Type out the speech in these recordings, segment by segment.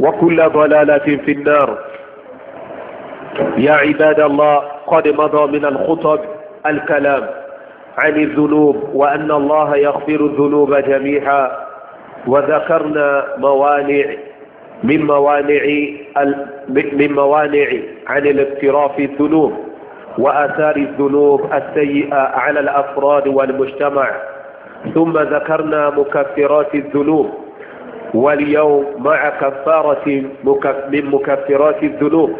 وكل ضلالة في النار يا عباد الله قد مضى من الخطب الكلام عن الذنوب وأن الله يغفر الذنوب جميعا وذكرنا موانع من موانع من موانع عن الاقتراف الذنوب وآثار الذنوب السيئة على الأفراد والمجتمع ثم ذكرنا مكفرات الذنوب واليوم مع كفارة من مكفرات الذنوب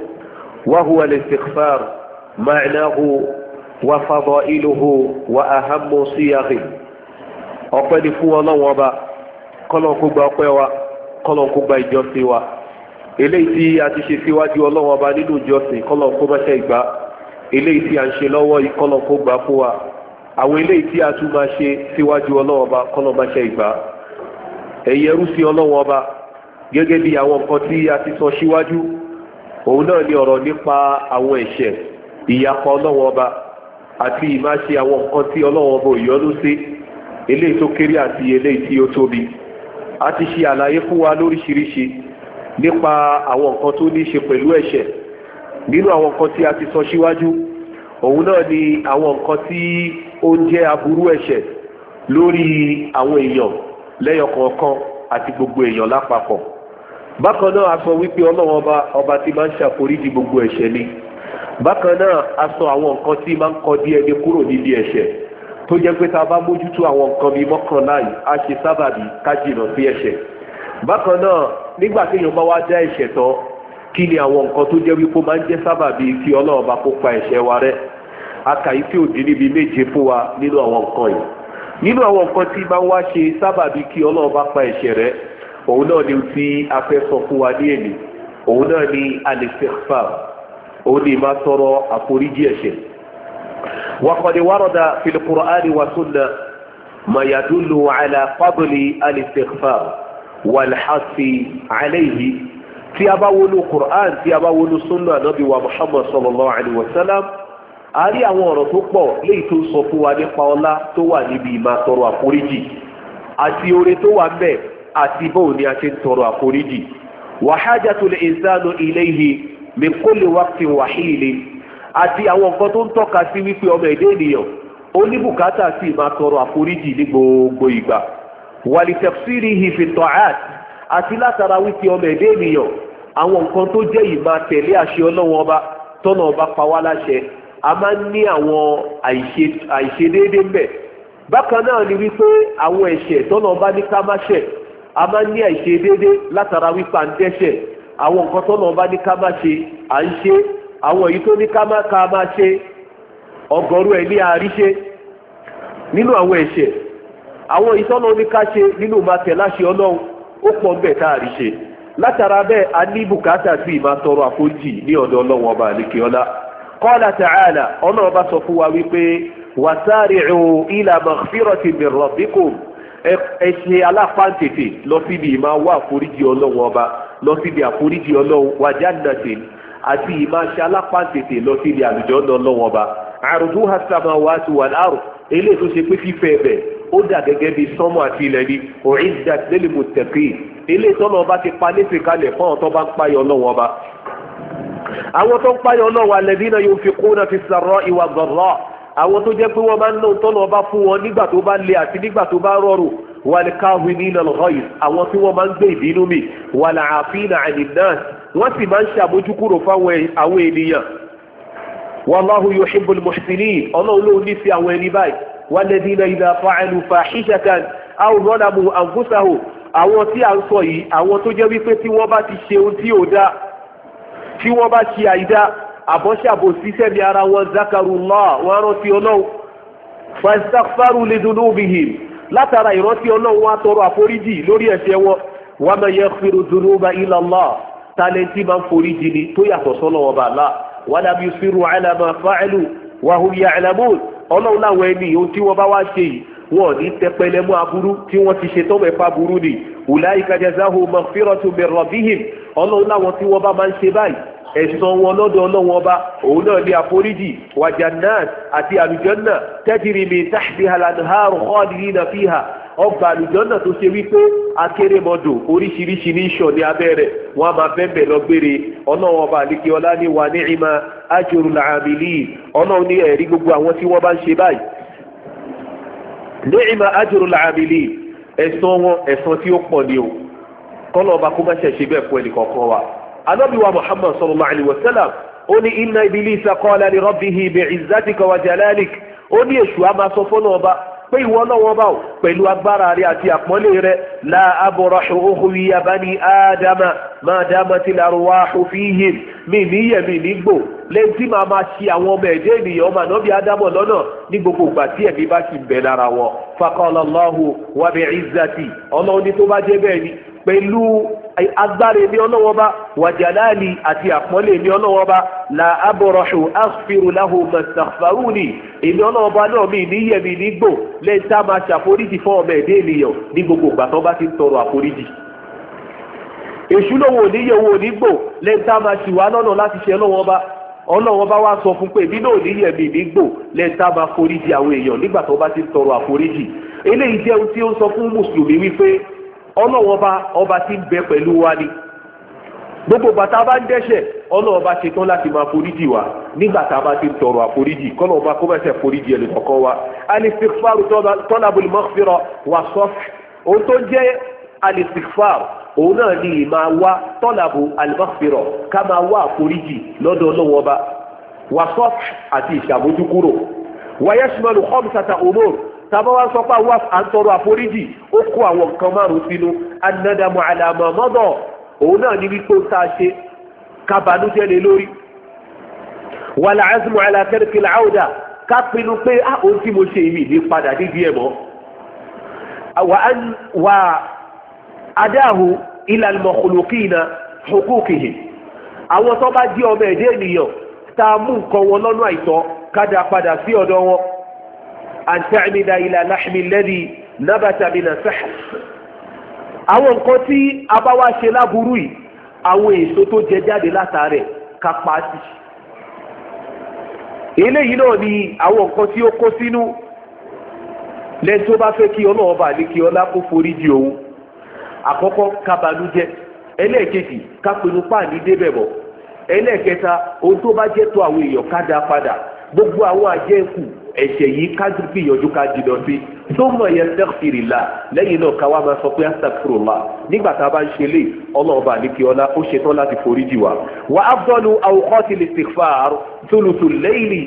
وهو الاستغفار معناه وفضائله وأهم صيغه ọpẹ́ ni fún ọlọ́wọ́n ọba kọ́lọ́n kó gba ọpẹ́ wa kọ́lọ́n kó gba ìjọsìn wa eléyìí tí a ti ṣe síwájú ọlọ́wọ́n ọba nínú ìjọsìn kọ́lọ́n kó mọ́ṣẹ́ ìgbà eléyìí tí a ń ṣe lọ́wọ́ yìí kọ́lọ́n kó gbà fún wa àwọn eléyìí tí a tún máa ṣe síwájú ọlọ́wọ́n ọba kọ́lọ́n mọ́ṣẹ́ ìgbà ẹ̀yẹrú sí ọlọ́wọ́n ọba gẹ́gẹ́ bí àwọn nǹkan tí a ti sọ síwájú òun náà ni ọ̀rọ̀ nípa àwọn ẹ̀ṣẹ̀ ìyapa ọlọ́wọ́n ọba àti ìmáṣe àwọn nǹkan tí ọlọ́wọ́n ọba òyọ́nú sí eléyìí tó kéré àti eléyìí tí ó tóbi a ti ṣe àlàyé fún wa lóríṣiríṣi nípa àwọn nǹkan tó ní ṣe pẹ̀lú ẹ̀ṣẹ̀ nínú àwọn nǹkan tí a ti sọ síwájú òun náà ni àwọn nǹkan tí ó ń jẹ́ aburú ẹ̀ṣẹ̀ lórí àwọn èèyàn lẹ́yọkọ̀ọ̀kan àti gbogbo èèyàn lápapọ̀ bákan náà a sọ wípé ọlọ́wọ́n ọba ọba tí máa ń ṣàforíjì gbogbo ẹ̀ṣẹ̀ ni bákan náà a sọ àwọn nǹkan tí máa ń kọ dí ẹni kúrò níbi ẹ̀ṣẹ̀ tó jẹ́ pé ta bá mójútó àwọn nǹkan bíi mọ́kànlá yìí a ṣe sábàbí ká jìnà sí ẹ̀ṣẹ̀ bákan náà nígbà téèyàn bá wá dá ẹ̀ṣẹ̀ tán kí ni àwọn nǹkan tó jẹ́ wípé máa ń jẹ́ sábàbí kí ọlọ́wọ́n bá kó pa ẹ̀ṣẹ̀ wa rẹ́ a òdì níbi méje fún wa nínú àwọn nǹkan yìí nínú àwọn nǹkan tí máa wá ṣe sábàbí kí ọlọ́run bá pa ẹ̀ṣẹ̀ rẹ òun náà ni ti afẹ́ sọ fún wa ní èlé òun náà ni alistighfar òun ni máa tọrọ àforíjì ẹ̀ṣẹ̀ وقد ورد في القرآن والسنة ما يدل على فضل الاستغفار والحث عليه tí a bá wọnú Qur'an tí a bá wọnú sunna nabi wa Muhammad sallallahu alayhi wa sallam a rí àwọn ọ̀rọ̀ tó pọ̀ léyìí tó sọ fún wa nípa tó wà níbi ìmá tọrọ àforíjì àti oore tó wà àti bóun ni a ṣe ń tọrọ àforíjì wa hajatul àti àwọn nǹkan tó ń tọ́ka sí wípé ọmọ ẹ̀dẹ́ tọrọ àforíjì gbogbo ìgbà fi àti látara wípé ọmọ ẹ̀dẹ́ ènìyàn àwọn nǹkan tó jẹ́ a máa ń ní àwọn àìṣedéédé mbẹ̀ bákan náà ni wípé àwọn ẹ̀ṣẹ̀ tọ́nà bá ní ká má ṣẹ̀ a máa ń ní àìṣedéédé látara wípé à ń dẹ́ṣẹ̀ àwọn nǹkan tọ́nà bá ní ká má ṣe à ń ṣe àwọn èyí tó ní ká má ká má ṣe ọgọ́rú ẹ̀ ní àríṣe nínú àwọn ẹ̀ṣẹ̀ àwọn ìtọ́nà ní ká ṣe nínú máa tẹ̀ ọlọ́run ó pọ̀ bẹ́ẹ̀ tá àríṣe rí látara bẹ́ẹ̀ a ní bùkátà sí ìmá tọrọ àforíjì ní ọ̀dọ̀ ọlọ́run ọba àlekè ọlá qala ta'ala ọ̀nà ọba sọ fún wa wípé wasari'u ila maghfirati min rabbikum ẹ ṣe aláfáǹtètè lọ síbi ìmáa wá àforíjì ọlọ́run ọba lọ síbi àforíjì ọlọ́run wa jannatin àti ìmáa ṣe aláfáǹtètè lọ síbi àlùjọ́ náà ọlọ́run ọba àrùdúhà samawati wal ardh eléyìí tó ṣe pé fífẹ́ ẹ̀bẹ̀ ó dà gẹ́gẹ́ bí sánmọ̀ àti ilẹ̀ ni òrìṣà àwọn tó ń páyọ̀ ọlọ́wọ́ alladhina yunfiquna fi sarra'i wa dharra àwọn tó jẹ́ pé wọ́n máa ń náà tọ́nà ọba fún wọn nígbà tó bá le àti nígbà tó bá rọrùn wal kaazimina al-ghayz àwọn tí wọ́n máa ń gbé ìbínú mi wal aafina 'anin naas wọ́n sì máa ń ṣàmójúkúrò fáwọn àwọn ènìyàn wallahu yuhibbul muhsinin ọlọ́run ló ní sí àwọn ẹni báyìí tí wọ́n bá ṣe àìdá àbọ́ṣàbò síṣẹ́ ní ara wọn zakarullah wọn rántí ọlọ́run fastaghfaru lidunubihim látara ìrántí ọlọ́run wọn atọrọ àforíjì lórí ẹ̀ṣẹ̀ wọn wa man yaghfiru dunuba illa Allah tálẹ́ntì máa ń foríjì ni tó yàtọ̀ sọ́nà wọn bá la walam yusiru ala ma fa'alu wa hum ya'lamun ọlọ́run ẹni ohun tí wọ́n bá wá ṣe yìí wọn ní tẹpẹlẹmú aburú tí wọ́n ti ṣe tọ́mọ̀ ẹ̀fà burú ni ulaika jazahu maghfiratu min rabbihim ọlọ́run láwọn tí wọ́n bá máa ń ṣe báyìí ẹ̀sán wọn lọ́dọ̀ ọlọ́run ọba òun náà ní àforíjì wàjànnáàt àti àlùjọ́nà tẹ́jìrì mi táàdì alanhaaru khalidina fiha ọgbà àlùjọ́nà tó ṣe wípé akérèmọdò oríṣiríṣi ní ìṣọ̀ ní abẹ́ rẹ̀ wọ́n á máa bẹ́ẹ̀ lọ gbére ọlọ́run ọba àlekè ọlá ní wà ní ìmọ̀ ajrul amilin ọlọ́run ní ẹ̀rí gbogbo àwọn tí wọ́n bá ń ṣe báyìí ní ìmọ̀ ajrul amilin ẹ̀sán wọn ẹ̀sán tí ó pọ̀ ni o kọ́lọ̀ ọba kó má ṣe ṣe bẹ́ẹ̀ fún ẹnì kọ̀ọ̀kan wa anábì wa muhammad sallallahu alayhi wa sallam ó ní inna iblisa qala li rabbihi bi'izzatika wa jalalik ó ní èṣù a máa sọ fọ́nà ọba pé ìwọ náà wọ́n bá o pẹ̀lú agbára rẹ àti àpọ́nlé rẹ la aburahu uhwi bani ádámà ma damatil arwahu fihim mi níyẹ̀mí nígbò lẹ́yìn tí màá máa ṣe àwọn ọmọ ẹ̀dẹ́ ènìyàn ọmọ ànábì ádámọ̀ lọ́nà ní gbogbo ìgbà tí ẹ̀mí bá ti bẹ̀ lára wọn faqala Allahu wa ọlọ́run ní tó bá jẹ́ bẹ́ẹ̀ ni pẹ̀lú agbára èmi ọlọ́wọ́ bá wàjàláàlì àti àpọ́nlé èmi ọlọ́wọ́ bá la abọ̀rọ̀ṣù asfirulahu mẹsàfàrúni èmi ọlọ́wọ́ bá náà mi níyẹ̀mí nígbò lẹ́yìn tá a máa ṣàforíjì fún ọmọ ẹ̀dẹ́ ènìyàn ní gbogbo ìgbà tó bá ti ń tọrọ àforíjì èṣù lówó oníyẹ̀wò onígbò lẹ́yìn tá a máa ṣìwá lọ́nà láti ṣe ọlọ́wọ́ bá ọlọ́wọ́ bá wá sọ fún pé èmi náà níyẹ̀mí nígbò lẹ́yìn ọlọ́wọ́ba ọba tí ń bẹ pẹ̀lú wa ni gbogbo bàtà bá ń dẹ́ṣẹ̀ ọlọ́ọ̀ba ṣetán láti máa foríjì wa nígbà tá a bá ti ń tọrọ àforíjì kọ́lọ́ọ̀ba kó bẹ́sẹ̀ foríjì ẹ̀lẹ́ kọ̀ọ̀kan wa alistighfaru tọ́lábùlì maghfira wà sọ́f ohun tó jẹ́ alistighfaru òun náà ni máa wá tọ́lábù alimaghfira ká máa wá àforíjì lọ́dọ̀ ọlọ́wọ́ba wà sọ́f àti ìṣàmójúkúrò wàyẹ́sùmọ́lù khamsata umur tàbá wá sọ pé àwọn àtọrọ àforíjì ó kó àwọn nǹkan márùn sínú anádàmọ àlàmọ mọdọ òun náà ní wípé ó tá a ṣe kábàánújẹ́ lé lórí wàlà azmu ala tarkil auda ká pinnu pé á ah, ohun tí mo ṣe èmi ní padà dídí ẹ̀ mọ́ wà adáhu ila al-makhluqina àwọn tó bá jí ọmọ ẹ̀dẹ́ ènìyàn tá a mú nǹkan wọn lọ́nà àìtọ́ ká dá padà sí ọ̀dọ̀ wọn an ta'mida ila lahmi alladhi nabata min as-sahr àwọn nǹkan tí a bá wá ṣe láburú yìí àwọn èso tó jẹ jáde látàrẹ ká pa á sí eléyìí náà ni àwọn nǹkan tí ó kó sínú lẹ́ni tó bá fẹ́ kí ọlọ́run bá ní kí ọlá kó forí jì òun àkọ́kọ́ kábàánújẹ́ ẹlẹ́ẹ̀kejì kápinnu páàní débẹ̀ bọ̀ ẹlẹ́ẹ̀kẹta ohun tó bá jẹ́ tó àwọn èèyàn ká dá padà gbogbo àwọn àjẹkù ẹ̀ṣẹ̀ yìí kájú bí ìyọjú ká jìnà sí tó mọ̀ yẹn sẹ́fìrì là lẹ́yìn náà ká wá máa sọ pé astagfirullah nígbà tá a bá ń ṣe lè ọlọ́ọ̀bà àlékè ọlá ó ṣe tán láti forí jì wá. wà á bọ́nu awqati istighfar tólùtù lẹ́yìn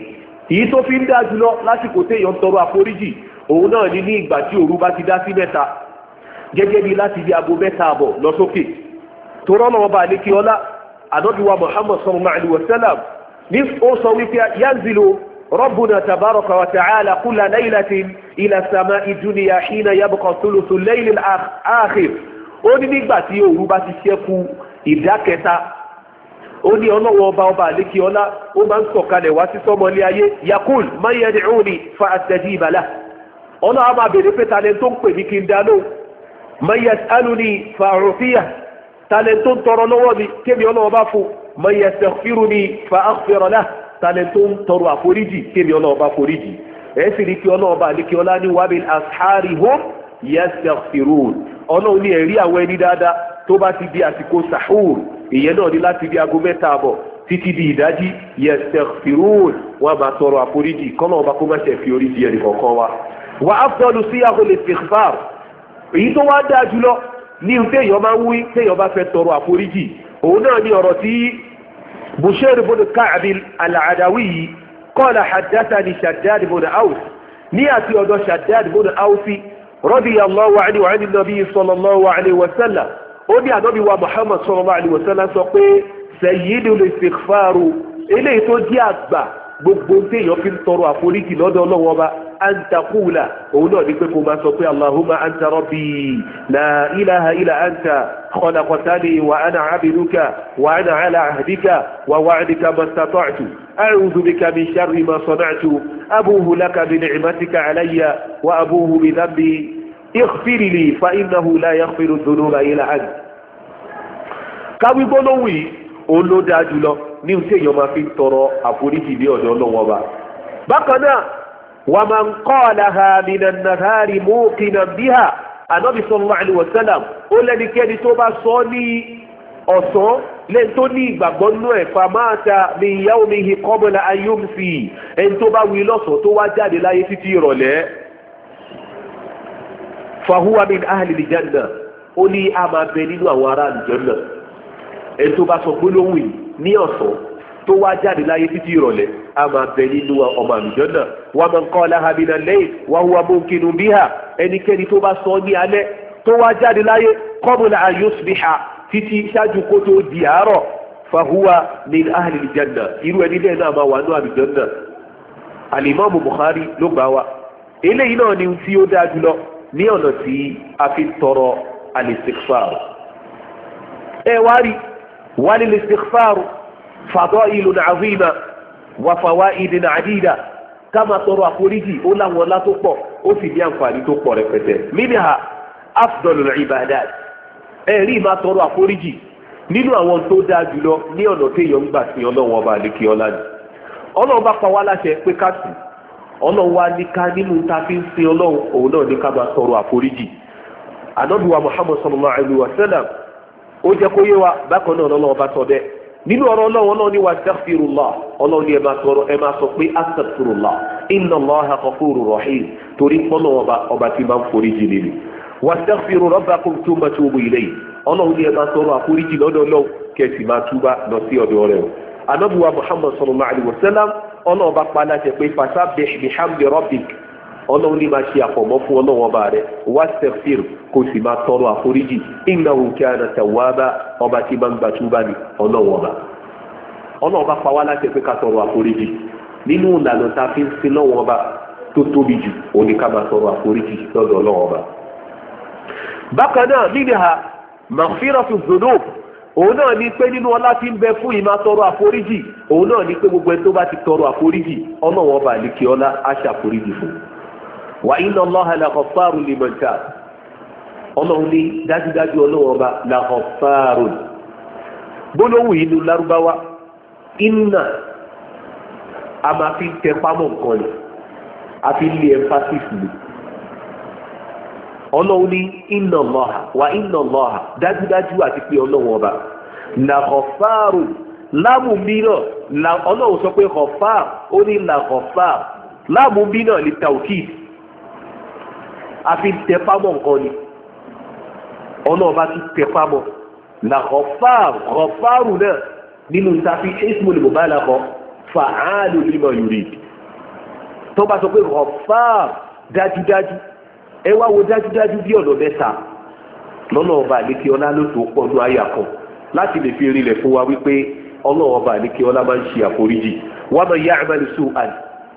èyí tó fi ń dá jùlọ lásìkò téèyàn tọrọ àforíjì òun náà ni ní ìgbà tí òru bá ti dá sí mẹ́ta gẹ́gẹ́ bí láti di aago mẹ́ta àbọ̀ lọ sókè torọ́ ní ó sọ wípé yanzilu ربنا تبارك وتعالى كل ليلة إلى السماء الدنيا حين يبقى ثلث الليل الآخر ó ní nígbà tí òru bá ti ṣẹ́kù ìdá kẹta ó ní ọlọ́wọ́ ọba ọba àlékí ọlá ó máa ń sọ̀kalẹ̀ wá sí sọ́mọlé ayé yakul man yad'uni fa astajiba lah ọlọ́wọ́ máa bèrè pé talẹ̀ tó ń pè mí kí n dáná man yas'aluni fa u'tiya talẹ̀ tó ń tọrọ lọ́wọ́ mi kémi ọlọ́wọ́ bá fún man yastaghfiruni fa aghfira lah talẹ̀ tó ń tọrọ àforíjì kébi ọlọ́ọ̀bá foríjì ẹ̀ sì rí kí ọlọ́ọ̀bá àlékí ọlá ní wabil asharihum yastaghfirun ọlọ́run ní ẹ̀rí àwọn ẹni dáadáa tó bá ti di àsìkò sahur ìyẹn náà ní láti di aago mẹ́ta àbọ̀ títí di ìdájí yastaghfirun wọn máa tọrọ àforíjì kọ́nà ọba kó má ṣe fi orí di ẹnì kọ̀ọ̀kan wa. wà á fọlù sí àhọlẹ̀ بشير بن كعب العدوي قال حدثني شداد بن أوس نياتي أدو شداد بن أوس رضي الله عنه وعن النبي صلى الله عليه وسلم أدي النبي ومحمد صلى الله عليه وسلم سيد الاستغفار إليه تجي أكبر gbogbo ń téèyàn fi ń tọrọ àforíjì lọ́dọ̀ ọlọ́wọ́ ọba anta kúùlà òun náà ní pé kó máa sọ pé allahumma anta rabbi la ilaha illa anta khalaqtani wa ana abiduka wa ana ala ahdika wa wa'dika mastata'tu a'udhu bika min sharri ma sana'tu abuhu laka bi ni'matika wa abuhu bi dhanbi اغفر لي فإنه لا يغفر الذنوب إلا أنت ká gbólóhùn yìí ó ló dáa jùlọ ní oṣù èèyàn máa fi ń tọrọ àforíjì ní ọ̀dọ̀ ọlọ́wọ́ ọba. bákan náà wà máa ń kọ́ àlàhà minan nahari muqinan biha ànábì sallallahu alaihi wasallam ó lẹ́nikẹ́ni tó bá sọ ní ọ̀sán lẹ́yìn tó ní ìgbàgbọ́ nínú ẹ̀ fàmáàtà ní ìyá omi ihe kọ́bọ̀lá ayọ́mùsì ẹni tó bá wí lọ́sàn tó wá jáde láyé títí ìrọ̀lẹ́ fahuwa min lijanna ó ní a nínú àwọn ará àlùjọ náà ẹni tó bá sọ gbólóhùn yìí ní ọ̀sán tó wá jáde láyé títí ìrọ̀lẹ́ a máa bẹ nínú ọmọ àlùjọ náà wọ́n máa ń kọ́ aláhàmínà lẹ́yìn wọ́n wá bó ń kinu bí hà ẹnikẹ́ni tó bá sọ ní alẹ́ tó wá jáde láyé kọ́mùnà àyọ̀sùbíhà títí ṣáájú kó tó di àárọ̀ fahuwa ní ahlil janna irú ẹni bẹ́ẹ̀ náà máa wà ní àlùjọ náà alimami Bukhari ló gbà wá eléyìí náà ni tí ó dáa jùlọ ní ọ̀nà tí a fi tọrọ al-istighfar ẹ wá rí وللاستغفار فضائل عظيمة وفوائد عديدة كما ترى فريجي أولا ولا تقبع وفي ديان فالي تقبع رفتة منها أفضل العبادات ẹ̀rí máa tọrọ àforíjì nínú àwọn tó dáa jùlọ ní ọ̀nà téèyàn ń gbà sí ọlọ́run ọba àlekè ni ọlọ́run bá pa wá láṣẹ pé ká sùn ọlọ́run wá ní ká ta fi ń sin ọlọ́run òun náà ní ká máa tọrọ muhammad ó jẹ́ kó yé wa bákan náà lọ́wọ́ bá tọ́ bẹ́ẹ̀ nínú ọ̀rọ̀ ọlọ́wọ́ náà ni wà astaghfirullah ọlọ́run ni ẹ máa tọrọ ẹ máa sọ pé astaghfirullah inna Allaha ghafurur rahim torí pọ́nà ọba ọba tí máa ń forí jì nínú wà astaghfiru rabbakum thumma tubu ilayhi ọlọ́run ni ẹ máa tọrọ àforíjì lọ́dọ̀ ọlọ́run kẹsì máa túbà lọ sí ọ̀dọ̀ rẹ̀ o anábùwà Muhammad sallallahu alayhi wa sallam ọlọ́run bá pa aláṣẹ pé fasabbih bihamdi ọlọ́run ní máa ṣe àfọ̀mọ́ fún ọlọ́run ọba rẹ̀ wastagfir kó sì máa tọrọ àforíjì innahu kana tawwaba ọba tí máa ń gbà túbà ní ọlọ́run ọba ọlọ́run bá pa wá láti pé ká tọrọ àforíjì nínú ìlànà tá a fi ń sin lọ́wọ́ ọba tó tóbi jù òun ni ká máa tọrọ àforíjì lọ́dọ̀ ọlọ́run ọba bákan náà minha maghfiratu dhunub òun náà ni pé nínú ni pé gbogbo ẹni ti tọrọ wà inna Allaha làkọ̀fàrù liman taab ọlọ́run ní dájúdájú ọlọ́run ọba làkọ̀fàrù gbólóhùn yìí ló lárúbáwá inna a máa fi tẹpámọ́ nǹkan ni a fi lé emphasis lò ọlọ́run ní inna Allaha wà inna Allaha dájúdájú àti pé ọlọ́run ọba làkọ̀fàrù láàmù mìíràn ọlọ́run sọ pé kọ̀fà ó ní làkọ̀fà láàmù mìíràn lè tàùkìtì àfi tẹpámọ́ nǹkan ni ọlọ́ọ̀bá ti tẹpámọ́ na gọfáàrù gọfáàrù náà nínú ìtàfi ismul mubala kọ fàáàlù lima yurid tó bá sọ pé gọfáàrù dájúdájú ẹ wá wo dájúdájú bí ọ̀nà mẹ́ta lọ́nà ọba àlékè ọlá ló tó pọ̀ ní àyà kan láti lè fi rinlẹ̀ fún wa wípé ọlọ́run ọba àlékè ọlá máa ń ṣe àforíjì wàá máa yá àmàlùsù àn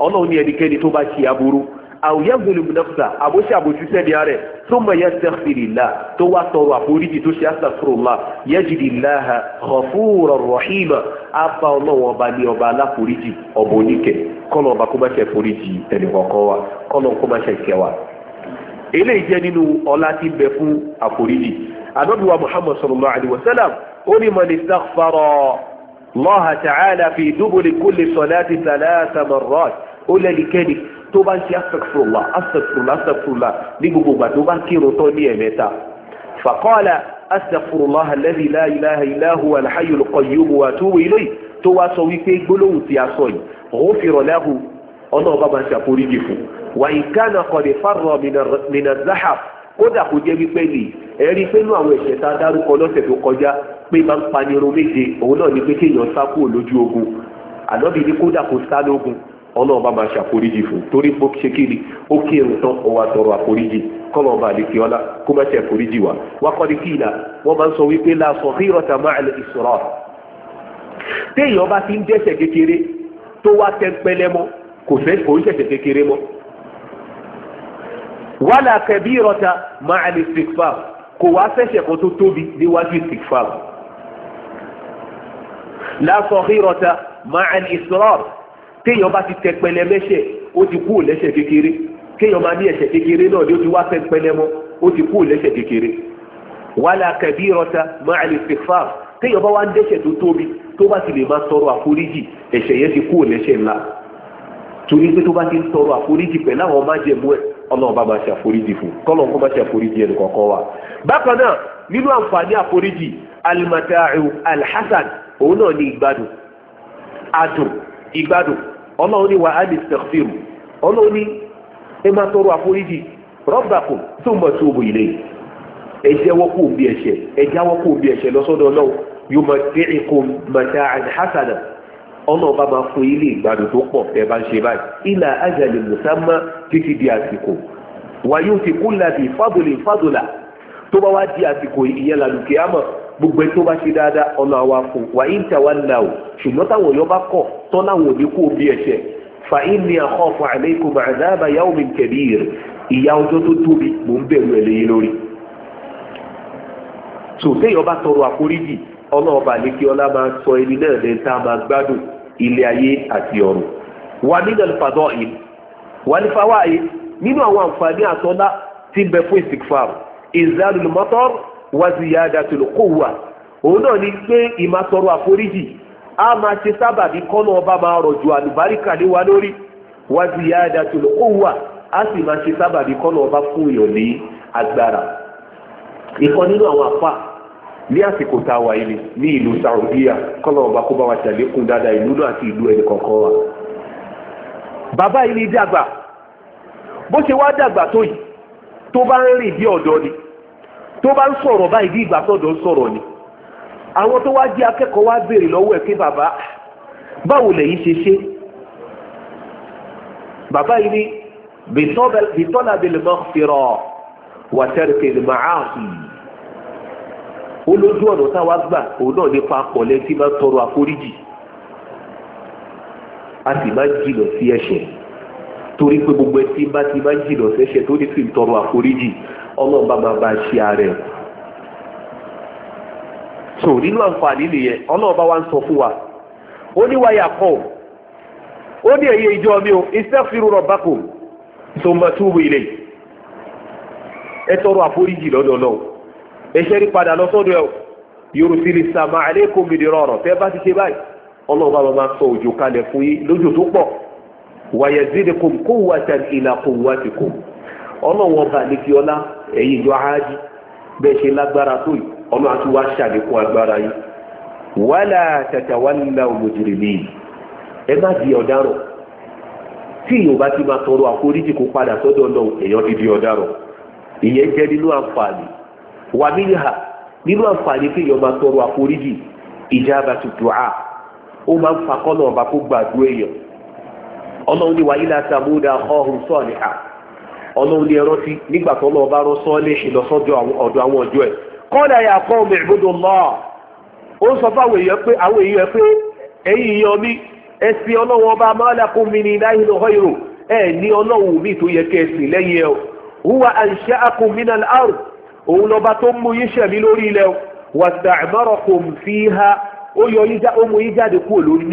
ọlọ́run ní ẹnikẹ́ni tó bá ṣe aburú àwòyẹ́gbòlù nọ́fà àbóṣe àbójútẹ́ ní ààrẹ tó mọ̀ yẹ́ sẹ́fìrìlá tó wá tọrọ àforíjì tó ṣe àṣàfúrọ̀lá yẹ́jìdìláha ọ̀fúnrọ̀ rọ̀hìmà àbá ọlọ́wọ́ ọba ní ọba aláforíjì ọba oníkẹ̀ kọ́lọ̀ ọba kó má ṣe foríjì ẹnìkọ̀ọ̀kan wa kọ́lọ̀ kó má ṣe kẹ́ wa. eléyìí jẹ́ nínú ọlá tí ń bẹ fún àforíjì àdọ́dúwa Muhammad sallallahu alayhi wa sallam ó ní mọ̀ ní tó bá ń ṣe astagfurullah astagfurullah astagfurullah ní gbogbo ìgbà tó bá ń kírun tán ní ẹ̀mẹ́ta fàkọ́ọ̀lá astagfurullah alladhi la ilaha illa huwa alhayyul qayyum wa atubu ilayh tó wá sọ wípé gbólóhùn tí a sọ yìí ghufira lahu ọlọ́ọ̀bá máa ṣàforíjì fún wa in kana qad farra min az-zahaf kódà kò jẹ́ wípé lè ẹ̀rí pẹ̀lú àwọn ẹ̀ṣẹ̀ tá a dárúkọ lọ́sẹ̀ tó kọjá pé máa ń panirun méje òun náà ni pé kéèyàn sá kúrò lójú ogun ànábì ní kódà kò sá lógun ọlọ́run bá máa ṣàforíjì fún torí ó ṣe kiri ó kírun tán ó wá tọrọ àforíjì kọ́lọ́run bá àdìkì ọlá kó má ṣe àforíjì wa wákọ́ni kíìlà wọ́n máa ń sọ wípé láàsọ fí ìrọ̀tà máa lè ìṣòro téèyàn bá ti ń dẹ́ṣẹ̀ kékeré tó wá tẹ́ńpẹ́lẹ́ mọ́ kò fẹ́ kò ń ṣẹ̀ṣẹ̀ kékeré mọ́ wàlà kẹbí ìrọ̀tà máa lè sìkfà kò wá fẹ́ṣẹ̀ kan tó tóbi níwájú sìkfà láàsọ fí ìrọ̀tà máa lè ìṣòro téèyàn bá ti tẹ pẹlẹ mẹ́ṣẹ̀ ó ti kú òlẹ́ṣẹ̀ kékeré téèyàn máa ní ẹ̀ṣẹ̀ kékeré náà ni ó ti wá tẹ pẹlẹ mọ́ ó ti kú òlẹ́ṣẹ̀ kékeré wàhálà kẹbí ìrọta máa lè fi fà téèyàn bá wá ń dẹ́ṣẹ̀ tó tóbi tó bá ti lè máa tọrọ àforíjì ẹ̀ṣẹ̀ yẹn ti kú òlẹ́ṣẹ̀ ńlá torí pé tó bá ti ń tọrọ àforíjì pẹ̀lú àwọn májẹ̀mú ẹ̀ ọlọ́run bá máa ṣe àforíjì fún kọ́lọ́n kó máa ṣe àforíjì ẹnì kọ̀ọ̀kan wa. bákan náà nínú àǹfààní àforíjì alimataru alhassan òun náà ní ìgbádùn adùn ìgbádùn ọlọ́run ní wà á lè sẹ̀fìrù ọlọ́run ní ẹ máa tọrọ àforíjì rọ́bàkù tó mọ̀ tó bò ilé ẹ jẹ́wọ́ kó bí ẹ̀ṣẹ̀ ẹ jáwọ́ kó bí ẹ̀ṣẹ̀ lọ́sọ́dọ̀ ọlọ́run yóò máa tẹ́ ẹ̀kọ́ màtá àdìhásàdà ọlọ́run bá máa fún ilé ìgbádùn tó pọ̀ ẹ bá ń ṣe báyìí ilà ájàlè mùsàmá títí di àsìkò wàyó ti kú làbí fábùlì fábùlà tó bá wá di àsìkò ìyẹn làlùkè gbogbo ẹ tó bá ṣe dáadáa ọ̀nà àwa fún wa yìí ń tà wá nà o ṣùgbọ́n táwọn èèyàn bá kọ̀ tọ́ láwọn òde kó bí ẹ̀ṣẹ̀ fa inni akhafu alaykum adhaba yawmin kabir ìyá ọjọ́ tó tóbi mò ń bẹ̀rù ẹ̀ lẹ́yìn lórí. so téèyàn bá tọrọ àforíjì ọlọ́run bá ní kí ọlá máa sọ ẹni náà lẹ́yìn tá a máa gbádùn ilé ayé àti ọ̀run. wà wa ziyadatul quwwa òun náà ni pé ìmàtọrọ àforíjì a máa ṣe sábàbí kọ́nà ọba máa rọ̀jò àlùbáríkà lé wa lórí wa ziyadatul quwwa a sì máa ṣe sábàbí kọ́nà ọba fún èèyàn ní agbára ìkan nínú àwọn àfà ní àsìkò tá a wà yìí ní ìlú Saudiya kọ́nà ọba kó bá wa ṣàlékún dáadáa ìlú náà àti ìlú ẹnì kọ̀ọ̀kan wa bàbá yìí ni dàgbà bó ṣe wá dàgbà tó yìí tó bá ń rìn bí ọ̀dọ́ ni tó bá ń sọ̀rọ̀ báyìí bí ìgbà tọ́dọ̀ ń sọ̀rọ̀ ni àwọn tó wá jẹ́ akẹ́kọ̀ọ́ wá béèrè lọ́wọ́ ẹ̀ pé bàbá báwo lẹ̀yin ṣe ṣe bàbá yìí ni bìtọ́lá bìlì máa fi rọ̀ wà tẹ́rìkì lè máa hì ó lójú ọ̀nà táwa gbà òun náà nípa pọ̀lẹ́ tí máa tọrọ àforíjì a sì máa jìnà sí ẹ̀ṣẹ̀ torí pé gbogbo ẹtí bá ti máa jìnà sí ẹ̀ṣẹ̀ tó ní sì tọrọ àforíjì ọlọ́run bá ṣe ààrẹ so nínú àǹfààní nìyẹn ọlọ́run bá ń sọ fún wa ó ní wáyà kọ́ ó ní ẹ̀yẹ ìjọ mi o istaghfiru rabbakum thumma tubu ilayhi ẹ tọrọ àforíjì lọ́dọ̀ náà ẹ ṣẹ́rí padà lọ sọ́dọ̀ ẹ̀ yorùsílì sàmà alaykum midrara tẹ́ bá ti ṣe báyìí ọlọ́run bá máa sọ òjò kalẹ̀ fún yín lójò tó pọ̀ wa ọlọ́run ọba àlekí ọlá ẹ̀yin ìjọ áájì bẹ́ẹ̀ ṣe lágbára tó yìí ọlọ́run àti wá ṣàlékún agbára yìí wàhálà tàtà wàhálà òmòjìrì nìyí ẹ má di ọ̀daràn tí yorùbá ti máa tọrọ àforíjì kó padà sọ́dọ̀ náà èèyàn ti di ọ̀daràn ìyẹn jẹ́ nínú àǹfààní wà níyà nínú àǹfààní kí èèyàn máa tọrọ àforíjì ìjábà tuntun à ó máa ń fa kọ́nà ọba kó gbàdúrà èèyàn ọlọ́run ní wàhálà sàmúdà ọ̀hún sọ̀rọ̀ ọlọ́run ní ẹrọ sí nígbà tó lọ bá rán sọ́ọ́lé ìlọsọ́jọ́ ọ̀dọ̀ àwọn ọjọ́ ẹ̀ kọ́ọ̀dà yà kọ́ ọmọ ìgbódò lọ ó sọ fáwọn èèyàn pé àwọn èèyàn pé ẹ̀yin ìyàn mi ẹ̀sìn ọlọ́run ọba amálákùn mi ní láìlọ ọ̀hìnrò ẹ̀ ní ọlọ́run mi tó yẹ kẹ́ ẹ̀sìn lẹ́yìn ẹ̀ huwa ansha'akum min al-ard òun lọ́ba tó mú yín ṣẹ̀mí lórí lórí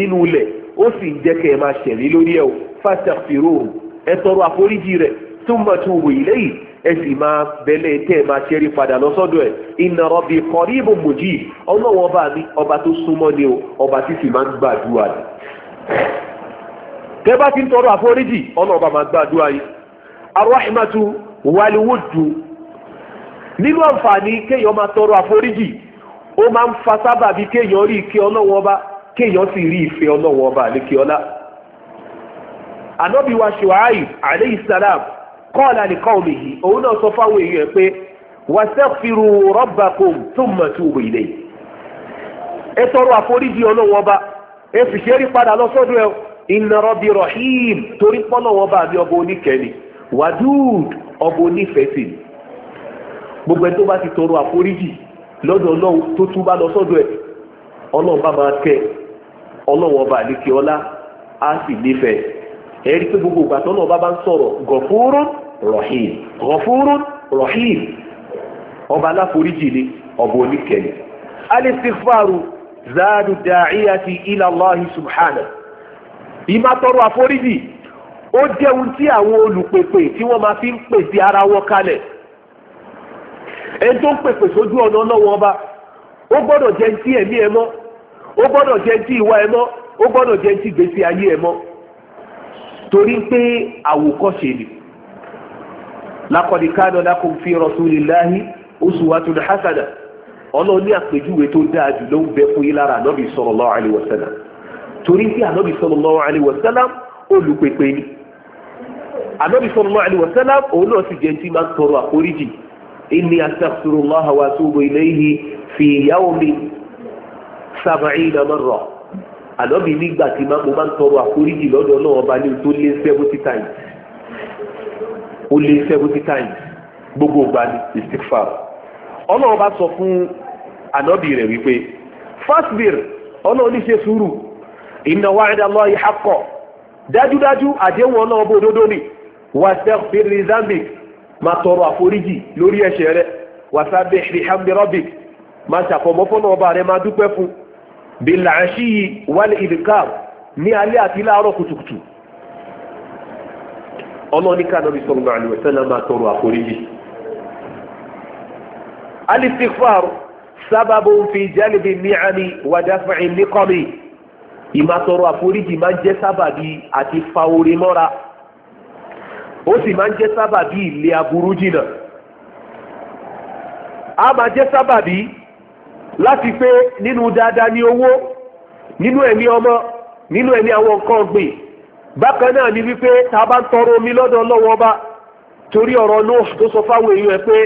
ilẹ̀ ó sì ń jẹ́ kẹ́ ẹ thumma tubu ilayhi ẹ sì máa bẹ̀lẹ̀ tẹ́ ẹ máa ṣẹ́rí padà lọ sọ́dọ̀ ẹ̀ inna rabbi qaribun mujib ọlọ́wọ́n ọba mi ọba tó súnmọ́ ni o ọba tí sì máa ń gbàdúrà ni. tẹ́ bá ti ń tọrọ àforíjì ọlọ́ọ̀ba máa gbàdúrà yìí arahimatu waliwudu nínú àǹfààní kéèyàn máa tọrọ àforíjì ó máa ń fa sábàbí kéèyàn rí ike ọlọ́wọ́n ọba kéèyàn sì rí ìfẹ́ ọlọ́wọ́n ọba wa Shu'aib kọ́ọ̀lá nìkan omi yìí òun náà sọ fáwọn èèyàn pé wàsẹ́fìrù rabbakum thumma tubu ilayhi ẹ tọrọ àforíjì ọlọ́wọ́ ọba ẹ fìṣẹ́ rí padà ẹ rahim torí ọba àbí ọba oníkẹ́ni wàdúùd ọba onífẹ̀ẹ́sì gbogbo ẹ tó bá ti tọrọ àforíjì lọ́dọ̀ ọlọ́run tó tún bá lọ́sọ́dọ̀ ẹ bá máa ọlọ́wọ́ ọba àdìkẹ́ ọlá á sì nífẹ̀ẹ́ gbogbo ìgbà ọba bá rahim ghafurun rahim ọba aláforíjì ni ọba oníkẹyìn alistighfaru zaadu da'iyati ila Allahi subhanahu tọrọ àforíjì ó jẹ́ tí àwọn olùpèpè tí wọ́n máa fi ń pèsè ara wọn kalẹ. ẹni tó ń pèpè sójú ọ̀nà ọlọ́wọ́n ọba ó gbọ́dọ̀ jẹ́ ti ẹ̀mí ẹ mọ́ ó gbọ́dọ̀ ti ìwà ẹ mọ́ ó gbọ́dọ̀ jẹ́ ti gbèsè ayé ẹ mọ́ torí pé laqad kana lakum fi rasulillahi uswatun hasana ọlọ́run ní àpèjúwe tó dáa jù ló ń bẹ fún yín lára ànábì sallallahu alaihi wasallam torí tí ànábì sallallahu alaihi wasallam olùpèpè ni ànábì sallallahu alaihi wasallam òun náà sì jẹ́ tí máa ń tọrọ àforíjì inni astaghfirullaha wa atubu ilayhi fi yawmi sab'ina marra ànábì nígbà tí mo máa o lé seventy times gbogbo ìgbà ní istikfar ọlọ́run bá sọ fún ànábì rẹ̀ wípé fasbir ọlọ́run ní ṣe sùúrù inna wa'dallahi haqqo dájúdájú àdéhùn ọlọ́run bó dodo ni wastaghfir li zambik máa tọrọ àforíjì lórí ẹsẹ rẹ wasabbih bihamdi ma máa ṣàfọ̀mọ́ fọ́nà ọba rẹ̀ máa dúpẹ́ fún bil ashi wal idkar ní alẹ́ àti láàárọ̀ kùtùkùtù ọlọ́ni ká nàbí sọ̀rọ̀ màálù ẹ̀sẹ̀ náà máa tọrọ àforíjì. alistighfar sábàbù fi jálèbi mi'ami wàdáfàì nìkọ́mi ìmàtọrọ àforíjì máa ń jẹ́ sábàbí àti fa orí mọ́ra ó sì máa ń jẹ́ sábàbí ilé aburú jìnnà a máa jẹ́ sábàbí láti pé nínú dáadáa ní owó nínú ẹ̀mí ọmọ nínú ẹ̀mí àwọn nǹkan ọ̀gbìn bákan náà ni wípé ta bá ń tọrọ omi lọ́dọ̀ Ọlọ́hun Ọba torí ọ̀rọ̀ Nuh tó sọ fáwọn èèyàn ẹ pé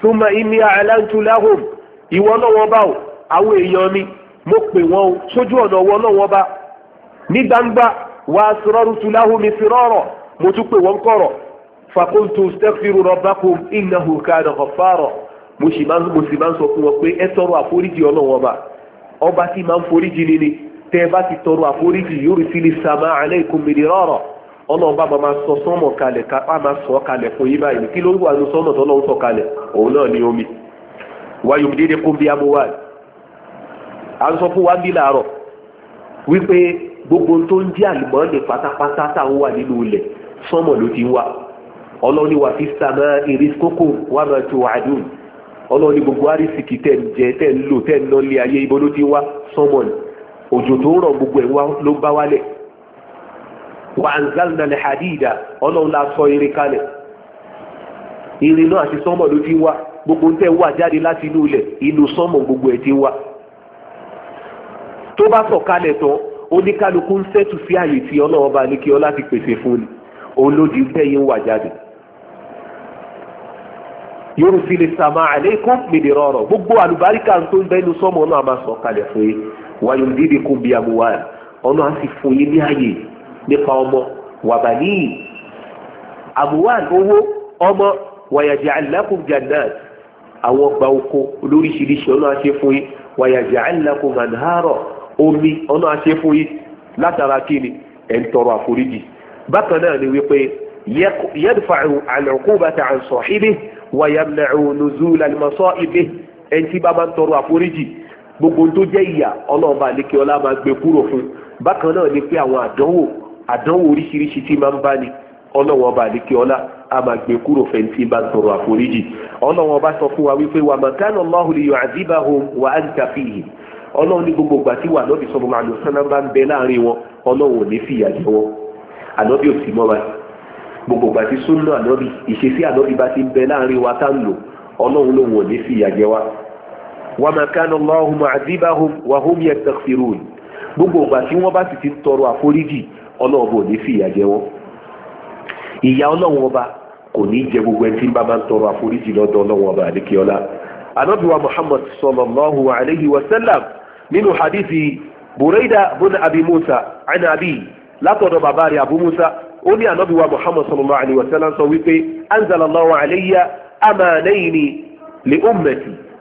thumma inni a'lantu lahum ìwọ Ọlọ́hun Ọba o àwọn èèyàn mi mo pè wọ́n o sójú ọ̀nà ọwọ́ Ọlọ́hun Ọba ní gbangba wa asrartu lahum israra mo tún pè wọ́n kọ̀rọ̀ faqultu istaghfiru rabbakum innahu kana ghaffara mo sì máa ń sọ fún wọn pé ẹ tọrọ àforíjì Ọlọ́hun Ọba ọba tí máa ń foríjì nínú tẹ́ bá ti tọrọ àforíjì yóò rí sílẹ̀ sàmà alẹ́ ìkùnmìnì rọ̀rọ̀ ọlọ́run bá máa sọ sọ́mọ̀ kalẹ̀ kápá máa sọ kalẹ̀ fún ma báyìí kí ló ń wà ní sọ́mọ̀ tó lọ́wọ́ sọ kalẹ̀ ni omi wáyé omi dédé kó bí amúwá à ń wa bí làárọ̀ wípé gbogbo tó ń jẹ́ àlùmọ́ọ́nì pátápátá táwọn wà nínú ilẹ̀ sọ́mọ̀ ló ti wà wà fi sàmà kókó wà máa tó gbogbo tẹ̀ ń jẹ òjò tó rọ̀ gbogbo ẹ̀ ló bá wálẹ̀ wà ń zálùnà lè hadida ọlọ́run la sọ irin kalẹ̀ irin náà àti sánmọ̀ ló fi wá gbogbo ń tẹ́ wà jáde láti inú ilẹ̀ inú sánmọ̀ gbogbo ẹ̀ ti wá tó bá sọ̀ kalẹ̀ tán oníkálukú ń sẹ́tù sí àyè tí ọlọ́run bá ní kí ọlá ti pèsè fún ni òun ló di tẹ́ yín wà jáde yorùsílẹ̀ sàmà àlékún mìdírọ̀rọ̀ gbogbo àlùbáríkà tó ń bẹ́nu sọ́mọ náà máa sọ̀ kalẹ̀ fún yín wàyọ̀dìdì kò bí àbúwá ọ̀nà àti fún yín ní ààyè nípa ọmọ wàbàní àbúwá owó ọmọ wàyàjà alákùn jannat àwọn ọgbà oko lóríṣiríṣi ọ̀nà àti fún yín wàyàjà alákùn manhárọ̀ omi ọ̀nà àti fún yín látara kíni ẹ̀ àforíjì bákan náà ni wípé yẹ́dùfà àlùkù bàtà àǹsọ̀ ìbí wàyàmnà nùzúlà mọ́sọ́ ìbí ẹ̀ bá máa ń tọrọ àforíjì gbogbo tó jẹ ìyà ọlọ́ọ̀bá àlékè ọlá máa gbé kúrò fún bákan náà ni pé àwọn àdánwò àdánwò oríṣiríṣi tí máa ń bá ni ọlọ́wọ́n ọba àdékè ọlá a máa gbé kúrò fẹ́ntì bá àforíjì ọlọ́wọ́ ọba sọ fún wa wípé wà màkánà Allahu li yu'adhibahum wa anta fihim ọlọ́wọ́n ní gbogbo ìgbà tí bá ń bẹ wa ma kana Allahu mu'adhibahum wa hum yastaghfirun gbogbo ìgbà tí wọ́n bá sì ti tọrọ àforíjì ọlọ́run ò ní fi ìyà jẹ wọ́n ìyà ọlọ́run ọba kò ní jẹ gbogbo ẹni tí ń bá máa ń tọrọ àforíjì lọ́dọ̀ ọlọ́run ọba àdékíọ́lá anábìwá muhammad sallallahu alayhi wa sallam nínú hadithi buraida bun abi musa ana látọ̀dọ̀ bàbá rẹ̀ abu musa ó ní anábìwá muhammad sallallahu alayhi wa sallam sọ wípé anzalallahu alayya amanayni li ummati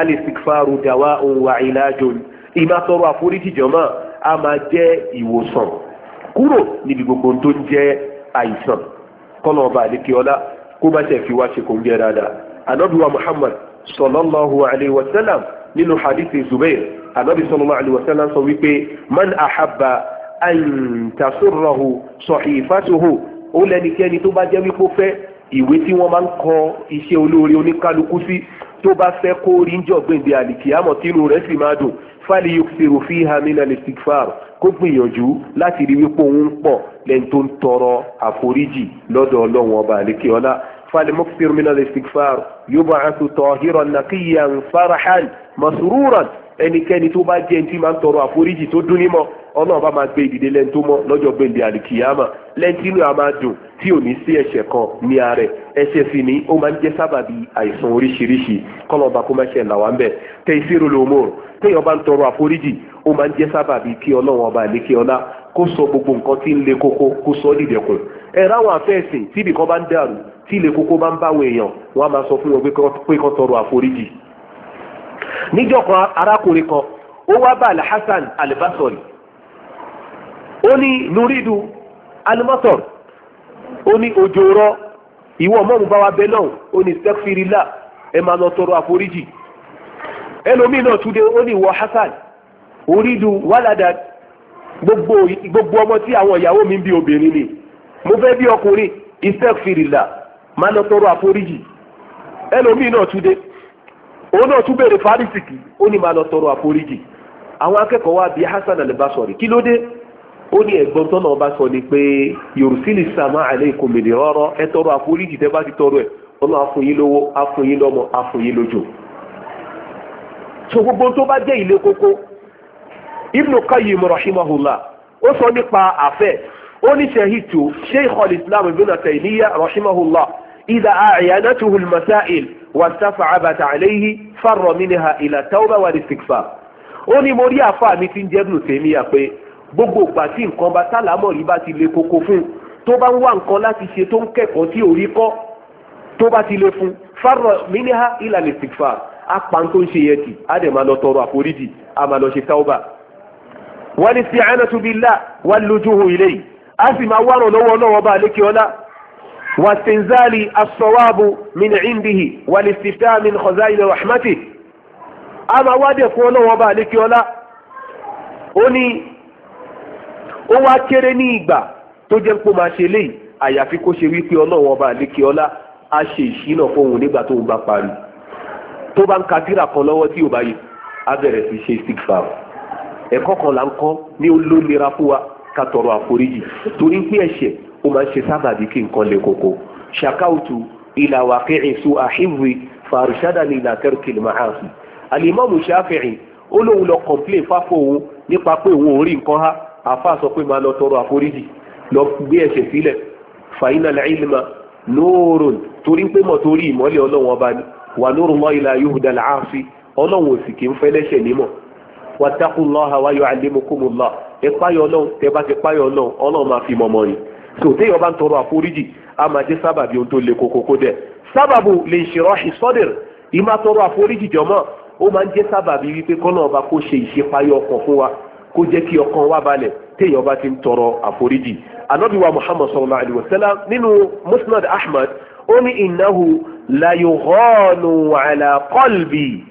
alisikfaru dawa'un wa ilajun ìmá tọrọ àforíjì jọmọ́ a máa jẹ́ ìwòsàn kúrò níbi gbogbo tó ń jẹ́ àìsàn kọ́nà ọba àdékè ọlá kó bá tẹ̀ fi wá ṣe kò ń jẹ́ dáadáa anabiwa muhammad sallallahu alayhi wa sallam nínú hadithi zubair anabi sallallahu alayhi wa sallam sọ wípé man ahaba an tasurrahu sahifatuhu ó lẹ́nikẹ́ni tó bá jẹ́ wípé ó fẹ́ ìwé tí wọ́n máa ń kọ iṣẹ́ olóore oníkálukú sí tó bá fẹ́ kó rí ń jọ gbèǹde àlìkìyàmọ̀ tínú rẹ̀ sì máa dùn fali yuksiru fiha min al-istighfar kó gbìyànjú láti rí wípé òun ń pọ̀ lẹ́yìn tó ń tọrọ àforíjì lọ́dọ̀ ọlọ́run ọba àlékè ọlá fali muksiru min al-istighfar yub'athu tahiran naqiyan farahan masruran ẹnikẹ́ni tó bá jẹ́ ẹni tí máa ń tọrọ àforíjì tó dún nímọ̀ ọlọ́run bá máa gbé ìdìde lẹ́ni tó mọ́ lọ́jọ́ gbèǹde àlìkìyàmà lẹ́ni tí inú ẹ̀ máa dùn tí ò ní sí ẹ̀ṣẹ̀ kan ní ààrẹ ẹ̀ṣẹ̀ sì ni ó máa ń jẹ́ sábàbí àìsàn oríṣiríṣi kọ́lọ́ba kó má ṣe làwọn bẹ̀ tẹ ìṣirò lòmọ́ téèyàn bá ń tọrọ àforíjì ó máa ń jẹ́ sábàbí kí ọlọ́run ọba àlékè ọlá kó sọ gbogbo nǹkan tí ń le koko kó sọ dìdẹ̀kùn ẹ̀rọ àwọn afẹ́ẹ̀sìn tíbi kan bá ń dàrú tí ilé koko bá ń báwọn èèyàn wọn á máa sọ fún wọn pé kán tọrọ àforíjì níjọ́ kan arákùnrin kan ó wá bá alhassan albasori ó ní nuridu alimọ́tọ̀r ó ní òjò rọ ìwọ mọ́mú bá wa bẹ náà ó ní sẹ́kfìrìlà ẹ máa lọ tọrọ àforíjì ẹlòmíì náà túnde hasan wàládà gbogbo ọmọ tí àwọn ìyàwó mi ń bi obìnrin ni mo fẹ́ bí ọkùnrin ìsẹ́kfìrìlà máa lọ tọrọ àforíjì ẹlòmíì náà túnde òun náà tún fárísìkì ó ní wa hasan alibasori kí ló ó ní ẹ̀gbọ́n tọ́nà ọba sọ ni pé yorùsílì sàmà alaykum midrara ẹ tọrọ àforíjì tẹ́ bá ti tọrọ ẹ̀ ọmọ afúnyín lówó afúnyín lọ́mọ afúnyín lójò. so gbogbo tó bá jẹ́ ilé kókó Ibn Qayyim rahimahullah ó sọ nípa àfẹ́ ó ní shahitu sheikh al-islam ibn Taymiyyah rahimahullah idha a'yanatuhu al-masail wastaf'abat alayhi farra minha ila tawba wal istighfar ó ní mo rí àfáà mi ti ń jẹ́ Ibn Taymiyyah pé gbogbo ìgbà tí nǹkan bá sálámọ̀ rí bá ti le koko fún un tó bá ń wá nǹkan láti ṣe tó ń kẹ́kọ̀ọ́ tí orí kọ́ tó bá ti le fún fárọ̀ mínìhà ìlànà ìsìnkfà apá tó ń ṣe yẹ kì á dẹ̀ máa lọ tọrọ àforíjì á máa lọ ṣe táwọ́bà. wọ́n ní sí àánà tó bí là wà lójú ohun ilé yìí á sì máa wá ràn lọ́wọ́ lọ́wọ́ bá lékè ọlá. wà sínzáàlì asọ́wáàbù min ó wá kéré ní ìgbà tó jẹ́ pé ó máa ṣe léyìí àyàfi kó ṣe wípé ọlọ́run ọba àlékè ọlá á ṣe ìṣínà fóun nígbà tó ń bá parí tó bá ń ka tírà kan lọ́wọ́ tí ò bá yẹ á bẹ̀rẹ̀ sí ṣe stick farm ẹ̀kọ́ kan là ń kọ́ ní olómira fún wa ká tọrọ àforíjì torí pé ẹ̀ṣẹ̀ ó máa ń ṣe sábàbí kí nǹkan lè koko ṣàkáùtù ìlà wàkẹ́rin sún àhíwì fàrùṣádà ní ìlà tẹ́rùkìlì màáfi àlìmọ́ọ̀mù ṣáfẹ̀rin ó lóun lọ kọ̀ǹplé fáfọ̀ òun nípa pé òun ò rí nǹkan àfa sọ pé máa lọ tọrọ àforíjì lọ gbé ẹ̀ṣẹ̀ sílẹ̀ fàyínà làílmà nóòrùn torí pé mọ̀ torí ìmọ́lẹ̀ ọlọ́run ọba ni wà nóòrùn mọ́ ilà yóòdà làásì ọlọ́run òsì kì í fẹ́ lẹ́ṣẹ̀ nímọ̀ wattaqullaha wa yu'allimukumullah ẹ páyọ̀ ọlọ́run tẹ bá ti páyọ̀ ọlọ́run ọlọ́run máa fi mọ̀mọ́ ni so téèyàn bá ń tọrọ àforíjì á máa jẹ́ sábàbí ohun tó le koko kó sábàbù lè ṣèrọ́ ìsọ́dẹ̀rẹ̀ ìmá tọrọ àforíjì jọmọ́ ó máa ń jẹ́ sábàbí wípé kọ́nà ọba kó ṣe ìṣepayọ̀ ọkàn fún wa kó jẹ́ kí ọkàn wa balẹ̀ téèyàn bá ti ń tọrọ àforíjì anabi wa muhammad sallallahu alayhi wa sallam nínú musnad ahmad ó ní innahu la yughanu ala qalbi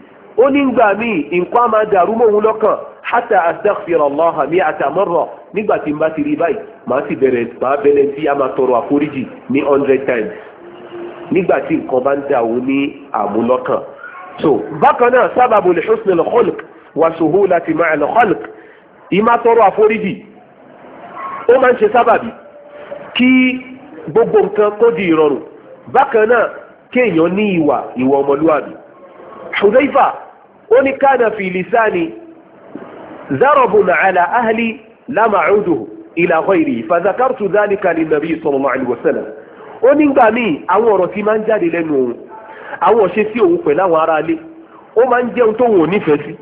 ó ní gbà mí nǹkan á máa dàrú mọ́hun lọ́kàn hatta astaghfir allaha mi'ata marra nígbà tí n bá ti rí báyìí màá sì bẹ̀rẹ̀ màá bẹ̀rẹ̀ tí a máa tọrọ àforíjì ní hundred times nígbà tí nǹkan bá ń dà òun ní àmúlọ́kàn. so bákan náà sábàbul husnil khulq wa suhulati ma'al khulq ìmá tọrọ àforíjì ó máa ń ṣe sábàbí kí gbogbo nǹkan kó di ìrọ̀rùn bákan náà kéèyàn ní ìwà ìwà ọmọlúwàbí Hudhaifa ó ní kánà fi lisani zarabun ala ahli lama'uduhu ila ghairi fàzakartu dhalika linnabi sallallahu alaihi wasallam ó nígbà míì àwọn ọ̀rọ̀ tí máa ń jáde lẹ́nu òun àwọn ọ̀ṣẹ́ sí òun pẹ̀lú àwọn aráalé ó máa ń jẹun tóun ò nífẹ̀ẹ́ sí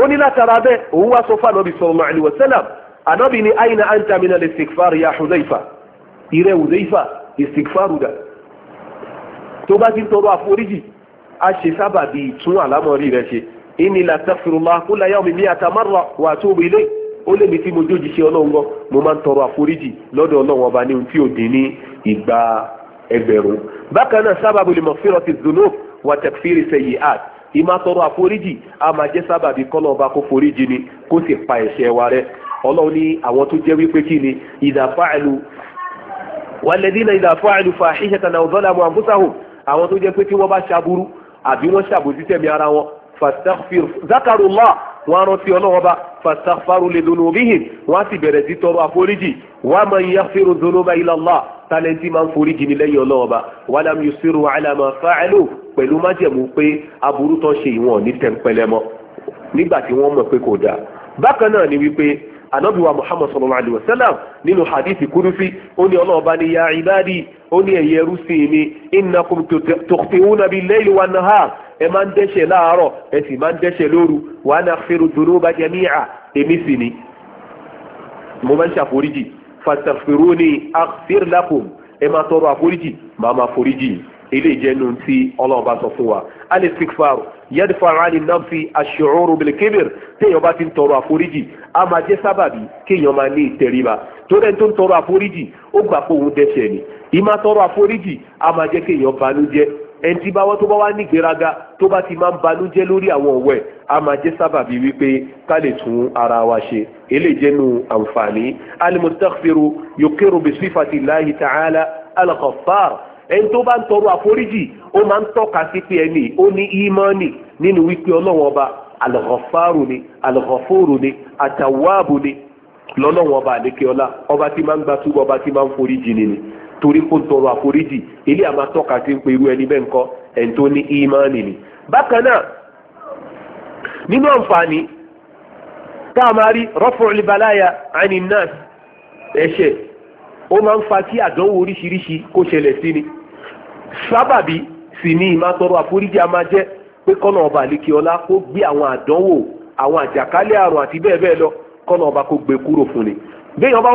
ó ní látara bẹ́ẹ̀ òun wá sọ fún ànábì sallallahu alaihi wasallam ànábì ni àyìnà àǹtà mi náà lè sèkfàr ya Hudhaifa ìrẹ́ Hudhaifa ìsèkfàr dà tó bá ti ń tọrọ àforíjì a ṣe sábà bí ìtún àlámọ̀rí rẹ̀ ṣe inni la tafirula kula yawm mi mi'ata marra wa atubu ilayh ó lé mi tí mo jójì ṣe ọlọ́run gan mo máa ń tọrọ àforíjì lọ́dọ̀ ọlọ́run ọba ní ohun tí ò dín ní ìgbà ẹgbẹ̀rún. bákan náà sábàbù lè fírọ̀ ti zunub wà tẹ̀fírí sẹ́yìn art ìmá tọrọ àforíjì a máa jẹ́ sábàbí kọ́nà ọba kó foríjì ni kó sì pa ẹ̀ṣẹ̀ wa rẹ́ ọlọ́run ní àwọn tó jẹ́ wípé kí ni ìdàfáàlù wàlẹ́dínà ìdàfáàlù fàáhíṣẹ́tàn aw zalamu anfusahum àwọn tó jẹ́ pé tí wọ́n bá ṣaburú àbí wọ́n ṣàbòsí tẹ̀mí ara wọn fastaghfir zakarullah wọ́n rántí ọlọ́wọ́ bá fastaghfaru li dhunubihim wọ́n á sì bẹ̀rẹ̀ sí tọrọ àforíjì wa man yaghfiru dhunuba illa Allah tálẹ́ntì máa ń forí jì ní lẹ́yìn ọlọ́run ọba wàlám yusiru alama fa'alu pẹ̀lú májẹ̀mú pé aburú tó ṣe ìwọ̀n ní tẹ̀m̀pẹ̀lẹ́mọ́ nígbà tí wọ́n mọ̀ pé kò dáa bákan náà ni wípé anabi wa muhammad sallallahu alaihi wasallam nínú hadithi kudusi ó ní ọlọ́run bá ní ya ibadi ó ní ẹ̀yẹ ẹrú sí mi innakum tukhti'una bil layli wan nahar ẹ máa ń dẹ́ṣẹ̀ láàárọ̀ ẹ sì máa ń dẹ́ṣẹ̀ lóru wa ana aghfiru dhunuba jami'a èmi sì ni mo máa ń ṣàforíjì fastaghfiruni aghfir lakum ẹ máa tọrọ àforíjì máa máa foríjì ilé ìjẹnu tí ọlọ́run bá sọ fún wa al-istighfar yadfa ani nafsi ash-shu'ur bil-kibr téèyàn bá ti ń tọrọ àforíjì a máa jẹ́ sábàbí kéèyàn máa ní ìtẹríba tó dẹ́n tó ń tọrọ àforíjì ó gbà pé òun dẹ́ṣẹ̀ ni ìmá tọrọ àforíjì a máa jẹ́ kéèyàn banújẹ́ ẹni tí bá wọ́n tó bá wá ní ìgbéraga tó bá ti máa ń banújẹ́ lórí àwọn ọ̀wẹ́ a máa jẹ́ sábàbí wípé ká lè tún ara wa ṣe eléjẹ́nu àǹfààní alimustaghfiru yukiru bisifati lahi ta'ala alakọfar ẹni tó bá ń tọrọ àforíjì ó máa ń tọ́ka sí pé ẹni ó ní ímọ́nì nínú wípé ọlọ́wọ́n ọba alaghafaru ni alaghafuru ni atawabu ni lọ́lọ́wọ́n ọba àdékẹ́ọ́lá ọba tí máa ń gba túbọ̀ ọba tí máa ń foríjì ni ni torí kó ń tọrọ àforíjì ilé àmà tọ́ka sí ń pe irú ẹni bẹ́ẹ̀ ńkọ́ ẹni tó ní ìmánì ni. bákan náà nínú àǹfààní tá a máa rí rọ́fọ̀rọ̀lì balaya ani nas ẹ̀ṣẹ̀ ó máa ń fa kí àdánwò oríṣiríṣi kó ṣẹlẹ̀ sí ni sábàbí sì ni ìmá tọrọ àforíjì a máa jẹ́ pé kọ́nà ọba àlekè ọlá kó gbé àwọn àdánwò àwọn àjàkálẹ̀ àrùn àti bẹ́ẹ̀ bẹ́ẹ̀ lọ kọ́nà ọba kó gbé kúrò fún ni. béèyàn bá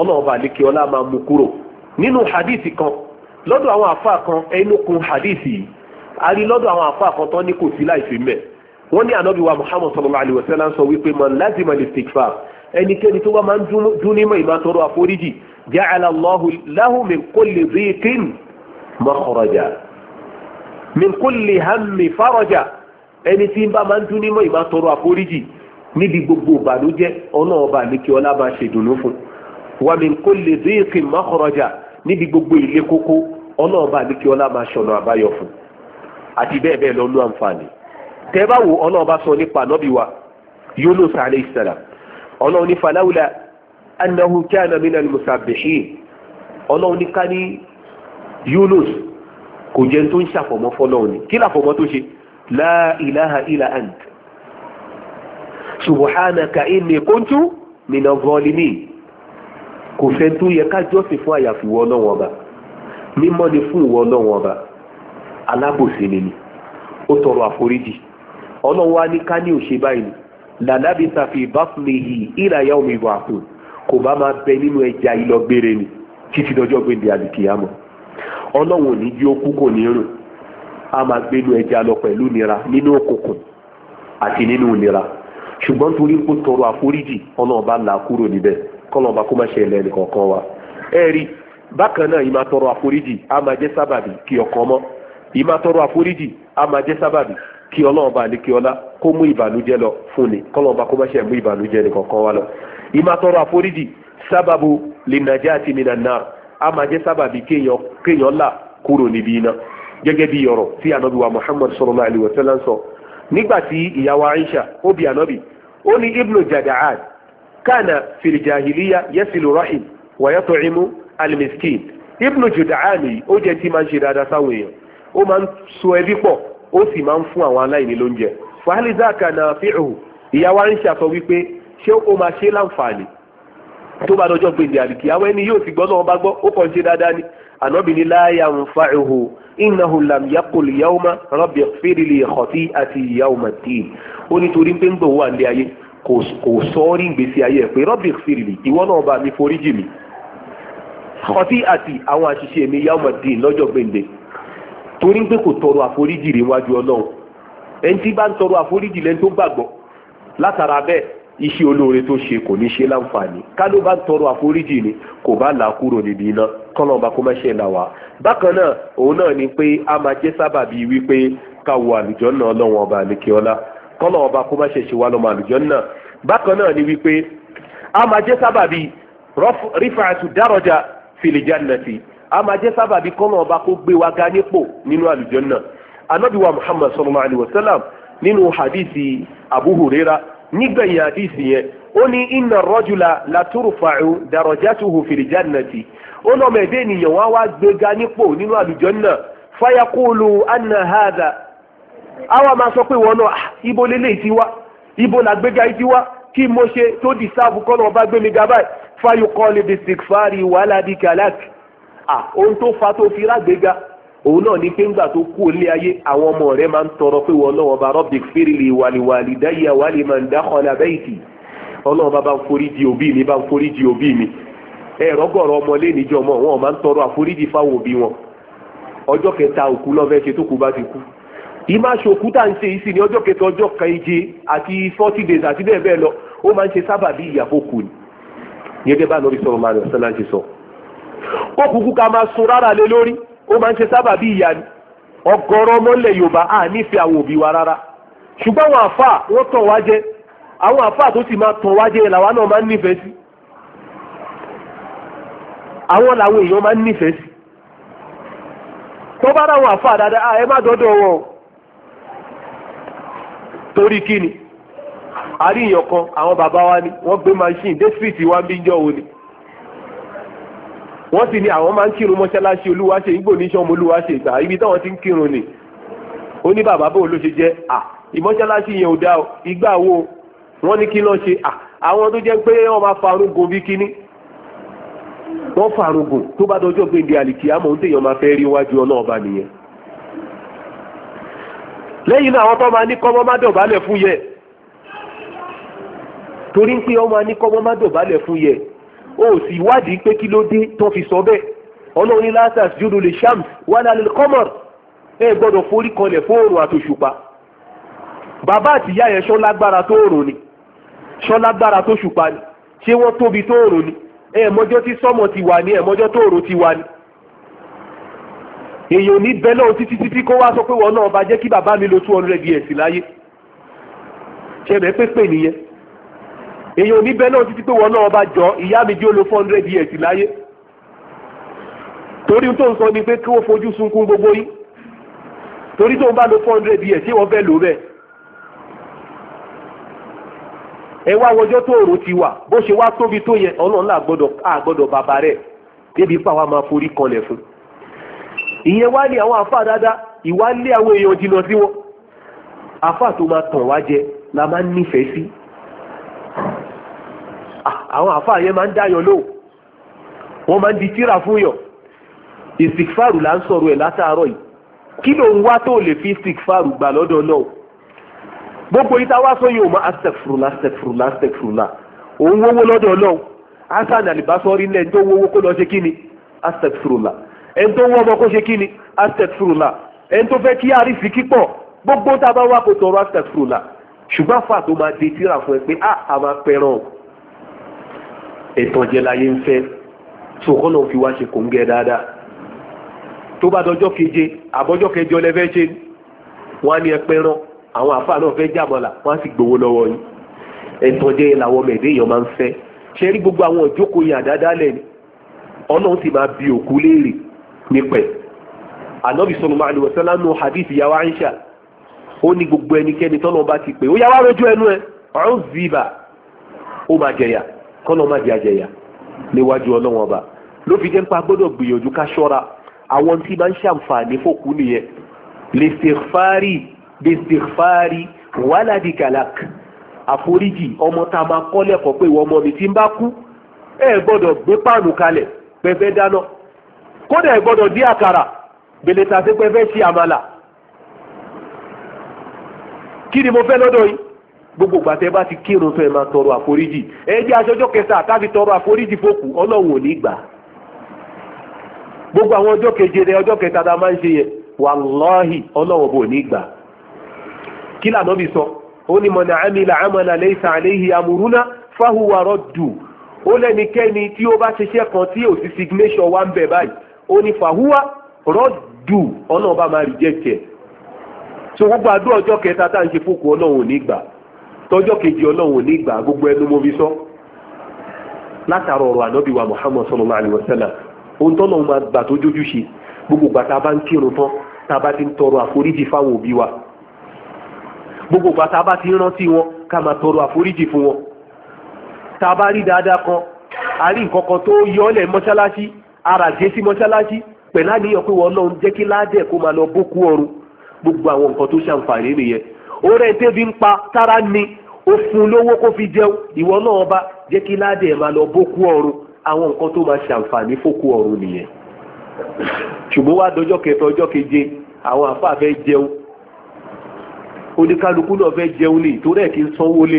ọlọ́ọ̀bà àdékè ọlá máa mú kúrò nínú hadith kan lọ́dọ̀ àwọn àfáà kan ẹnu kun hadith yìí a rí lọ́dọ̀ àwọn àfáà kan tán ní kò sí láìsí mẹ́ wọ́n ní ànábì wa muhammad sallallahu alayhi wa sallam sọ wípé man lazima al-istighfar ẹnikẹ́ni tó bá máa ń dún nímọ̀ ìmọ̀ tọrọ àforíjì ja'ala Allahu lahu min kulli dhiqin makhraja min kulli hammi faraja ẹni tí ń bá máa ń dún nímọ̀ ìmọ̀ tọrọ àforíjì níbi gbogbo ìbànújẹ́ ọ̀nà ọba ọlá bá ṣèdùnú fún wa min kulli dhiqin makhraja níbi gbogbo ilé kókó ọlọ́run bá ní kí ọlá máa ṣọ̀nà àbáyọ fún àti bẹ́ẹ̀ bẹ́ẹ̀ lọ́nu àǹfààní tẹ́ bá wo ọlọ́run bá sọ nípa ànábì wa Yunus alayhi salam ọlọ́run ní falawla annahu kana minal musabbihin ọlọ́run ní ká ní Yunus kò jẹ́ tó ń ṣàfọ̀mọ́ fọlọ́run ni kí làfọ̀mọ́ tó ṣe la ilaha illa ant subhanaka inni kuntu minaz zalimin kò fẹ́ tó yẹ ká jọ́sìn fún àyàfi ìwọ ọlọ́wọ́n ọba mímọ́ ni fún ìwọ ọlọ́wọ́n ọba alábòsí ni ni ó tọrọ àforíjì ọlọ́wọ́n á ní ká ní òṣè báyìí tàfi ìràyà omi ìwà àpò kò bá máa bẹ nínú ẹja ìlọgbére ni títí dọjọ́ gbèndé àlùkìyàmọ̀ ọlọ́wọ́n ò ní jí ó kú kò a máa gbénu ẹja lọ pẹ̀lú nira nínú òkùnkùn àti nínú nira ṣùgbọ́n torí kó kọ́lọ́ọ̀bá kó má ṣe ẹ̀lẹ́ nìkọ̀ọ̀kan wa ẹ̀rí bákan náà ìmá tọrọ àforíjì á máa jẹ́ sábàbí kí ọkàn mọ́ ìmá tọrọ àforíjì á máa jẹ́ sábàbí kí ọlọ́ọ̀bá àlékí ọlá kó mú ìbànújẹ́ lọ fún ni kọ́lọ́ọ̀bá kó má ṣe mú ìbànújẹ́ nìkọ̀ọ̀kan wa lọ ìmá tọrọ àforíjì sábàbù linajati minan nar á máa jẹ́ sábàbí kéèyàn là kúrò níbi iná gẹ́gẹ́ bí ọ̀rọ̀ tí ànábì wa Muhammad sallallahu alaihi wa sallam sọ nígbà tí ìyàwó Aisha ó bi ànábì ó ní ibnu jada'ad kana fil jahiliya yasilu rahim wa yat'imu almiskin ibnu judaani ó jẹ́ tí máa ń ṣe dáadáa sáwọn èèyàn ó máa ń so ẹbí pọ̀ ó sì máa ń fún àwọn aláìní lóúnjẹ fàálìzá kana fi'uhu ìyá wa ń ṣàtọ wípé ṣé ó máa ṣe láǹfààní tó bá dọjọ́ gbèdé àlìkí àwọn ẹni yóò ti gbọ́ náà bá gbọ́ ó kàn ṣe dáadáa ni ànábì ni la yanfa'uhu innahu lam yaqul yawma rabbi ighfir li khati'ati yawma ddin ó nítorí pé ń gbọ̀ wà ní ayé kò sọ ọ́ rí ìgbésí ayé ẹ̀ pé rọ́bì fìrìlì ìwọ náà bá mi forí jì mí ọtí àti àwọn àṣìṣe mi yá ọmọ dín lọ́jọ́ gbèǹde torí pé kò tọrọ àforíjì rí wájú ọlọ́run ẹni tí bá ń tọrọ àforíjì lẹ́ni tó gbàgbọ́ látara bẹ́ẹ̀ iṣẹ́ olóore tó ṣe kò ní ṣe láǹfààní ká ló bá ń tọrọ àforíjì ni kò bá là kúrò níbi iná kọ́nà ọba kó má ṣe là wá bákan náà òun náà ni pé a máa jẹ́ sábàbí wípé ká wo àlùjọ náà ọlọ́run ọba àlekè kọ́nà ọba kó má ṣe ṣe wá lọ́mọ àlùjánnà bákan náà ni wípé a máa jẹ́ sábàbí rífàtú dárọ̀jà fil jannati a máa jẹ́ sábàbí kọ́nà ọba kó gbé wa ga nípò nínú àlùjánnà ànábì wa muhammad sallallahu alayhi wa sallam nínú hadithi abu huraira nígbẹ̀yìn hadithi yẹn ó ní inna rajula laturfa'u darajatuhu fil jannati ó lọ́mọ ẹ̀dẹ́ ènìyàn wá wá gbéga nípò nínú àlùjánnà fayaqulu anna hadha àwa máa sọ pé wọn náà ah, ibo lélẹ̀ ti wá ibo làgbéga ti wá kí mo ṣe tó di sáàbù kọ́nà ọba gbé mi ga báyìí fáyọ kọ́ lè di sèkfàárì wàhálà di kàlákì ohun tó fa tó fi rágbéga òun náà ní pé ńgbà tó kú ilé ayé àwọn ọmọ rẹ máa ń tọrọ pé wọn náà ọba rọ́bì fèrèlè wàlìwàlì dáyà wàlì máa ń dákọ̀ lábẹ́ ìtì ọlọ́run bá bá ń foríjì òbí mi bá ń foríjì òbí mi ẹ̀rọ gọ̀rọ̀ ọmọlé níjọ́ mọ́ wọn máa ń tọrọ àforíjì fáwọn òbí wọn ọjọ́ kẹta òkú lọ́fẹ́ ṣe tó kú bá ti kú ìmá ṣòkúta ń ṣe ìsìn ní ọjọ́ kẹta ọjọ́ keje àti forty days àti bẹ́ẹ̀ bẹ́ẹ̀ lọ ó máa ń ṣe sábà bí ìyàwó kù ni gẹ́gẹ́ bá lórí sọ̀rọ̀ màánù ọ̀sán láti sọ. ó kúkú ká máa sun rárá lé lórí ó máa ń ṣe sábà bí ìyá ni ọ̀gọ̀rọ̀ ọmọlẹ̀ Yorùbá à nífẹ̀ẹ́ àwọn òbí wa rárá ṣùgbọ́n àwọn àfà wọ́n tàn wá jẹ àwọn àfà tó sì máa tàn wá jẹ làwa náà máa ń torí kí ni àríyàn kan àwọn bàbá wa ni wọ́n gbé machine dé street wa ń bí jọ òní wọ́n sì ní àwọn máa ń kírun mọ́ṣáláṣí olúwaṣe ìgbò níṣẹ́ ọmọ olúwaṣe ìgbà ibi táwọn ti ń kírun ni ó ní bàbá bóun ló ṣe jẹ́ à ìmọ́ṣáláṣí yẹn ò dá ìgbà wo wọ́n ní kí lọ́ọ́ ṣe à àwọn tó jẹ́ pé wọ́n máa farúgùn bí kíní wọ́n farúgùn tó bá dọjọ́ gbèǹde àlìkìyàmọ̀ ń tèèyàn máa fẹ́ rí iwájú ọlọ́ọ̀ba nìyẹn lẹ́yìn náà àwọn tó máa ní kọ́mọ́ má dọ̀bálẹ̀ fún yẹ torí pé ọmọ ní kọ́mọ́ má dọ̀bálẹ̀ fún yẹ o sì wádìí pé kí ló dé tó fi sọ bẹ́ẹ̀ ọlọ́run ní lásàs jùlọ lè shams wà lálẹ́ kọ́mọ̀r ẹ gbọ́dọ̀ forí kanlẹ̀ fóòrùn àtòṣùpá bàbá àtìyá yẹn ṣọ́ lágbára tó òrùn ni ṣọ́ lágbára tó ṣùpá ni ṣé wọ́n tóbi tó òrùn ni ẹ mọjọ́ tí sọ́mọ ti wà ní ẹ mọjọ́ tó òrùn ti wà ni èèyàn ní bẹ́ẹ̀ náà títí títí kó wá sọ pé wọn náà bá jẹ́ kí bàbá mi lo two hundred years láyé ṣẹlẹ̀ pépè nìyẹn èèyàn ní bẹ́ẹ̀ náà títí pé wọn náà bá jọ ìyá mi jẹ́ ó lo four hundred years láyé torí tó ń sọ ni pé kí wọ́n fojú sunkún gbogbo yín torí tó ń bá lo four hundred years ṣé wọ́n fẹ́ lò bẹ́ẹ̀ ẹ wá wọjọ́ tó òrò ti wà bó ṣe wá tóbi tó yẹn ọlọ́run là gbọ́dọ̀ bàbá rẹ̀ débi pàwọn máa forí kanlẹ̀ fún un. ihe wá ní àwọn àfà dáadáa ìwá lé àwọn èèyàn jìnnà sí wọn àfà tó máa tàn wá jẹ la máa ń nífẹ̀ẹ́ sí ah, àwọn àfà yẹn máa ń dáyàn lóhùn wọ́n máa ń di tíra fún yàn ìsìkfàrù là ń sọ̀rọ̀ ẹ̀ látàárọ̀ yìí kí ló ń wá fi ìsìkfàrù gbà lọ́dọ̀ náà gbogbo yìí wá sọ o máa astagfirula astagfirula astagfirula òun wówó lọ́dọ̀ náà hasan alibasori lẹ́ńtọ́ kó lọ ṣe ẹni tó wọ́n ọmọ kó ṣe kí ni astagfirullah ẹni tó fẹ́ kí àrífi kípọ̀ gbogbo tá a bá wá kó tọrọ astagfirullah ṣùgbọ́n fà tó máa di tíra fún ẹ pé a ah, a máa pẹran ẹ̀tàn jẹláyé ń fẹ́ sòkòlò fi wá ṣe kò ń gẹ dáadáa tó bá dọjọ́ keje àbọ́jọ́ kẹjọ lẹ́fẹ́ ṣe wọ́n á ní ẹ pẹran àwọn àfáà náà fẹ́ jàmọ́là wọ́n á sì gbowó lọ́wọ́ yìí ẹ̀tàn làwọn ọmọ ẹ̀dẹ́ èèyàn máa ń fẹ́ ṣe rí gbogbo àwọn ìjókòó yìí àdáadáa lẹ́nu ọlọ́run sì máa bi òkú léèrè nípẹ̀ ànábì sallallahu alaihi wasallam nù hadith ìyàwó àyíṣà ó ní gbogbo ẹnikẹ́ni tọ́nà bá ti pè ó yà wá rojú ẹnu ẹ ọ̀run ziva ó máa jẹyà kọ́nà máa jẹ àjẹyà níwájú ọlọ́wọ́n ọba ló fi jẹ́ ń pa gbọ́dọ̀ gbìyànjú ká ṣọ́ra àwọn tí máa ń ṣàǹfààní fòkú nìyẹn lè ṣèfárí lè ṣèfárí wàhálàdì kàlák àforíjì ọmọ tá a máa kọ́ lẹ́kọ̀ọ́ pé ìwọ ọmọ mi ti ń bá kú ẹ gbọ́dọ̀ gbé páànù kalẹ̀ pẹ́fẹ́ dáná kódà ẹ gbọ́dọ̀ dí àkàrà bèlè tàbí pé fẹ́ ṣe àmàlà kí ni mo fẹ́ lọ́dọ̀ yìí gbogbo gbàtẹ́ bá ti kírun tó ẹ tọrọ àforíjì ẹ jẹ́ aṣọjọ́ kẹsà tọrọ àforíjì fókù ọlọ́wọ̀n ò ní gbogbo àwọn ọjọ́ keje rẹ ọjọ́ kẹta tá a máa ń ṣe yẹn sọ ó ní fàhúwà rọ́dù ọlọ́run bá máa reject ẹ̀ so gbogbo àdúrà ọjọ́ kẹta tá à ń ṣe fókù ọlọ́run ò ní gbà tọjọ́ kejì ọlọ́run ò ní gbà gbogbo ẹnu mo fi sọ látara ọ̀rọ̀ ànábì wa Muhammad sallallahu alayhi wa sallam ohun tọ́nà máa gbà tó jójú ṣe gbogbo gbà tá a bá ń kírun tán tá a bá ti ń tọrọ àforíjì fáwọn òbí wa gbogbo gbà tá a bá ti ń rántí wọn ká máa tọrọ àforíjì fún wọn tá a bá rí dáadáa kan a nǹkan kan tó yọ ọ́ lẹ̀ mọ́ṣáláṣí ara jẹ́ sí mọ́ṣáláṣí pẹ̀lú àníyàn pé wọ́n lọ́n jẹ́ kí ládẹ̀ kó máa lọ bókú ọrùn gbogbo àwọn nǹkan tó ṣàǹfààní nìyẹn orí ẹ̀ tẹ́bi ń pa tára ni ó fún lówó kó fi jẹun ìwọ náà ọba jẹ́ kí ládẹ̀ máa lọ bókú ọrùn àwọn nǹkan tó máa ṣàǹfààní fókú ọrùn nìyẹn ṣùgbọ́n wá dọjọ́ kẹta ọjọ́ keje àwọn àfa fẹ́ jẹun oníkálukú náà fẹ́ jẹun kí sanwó lé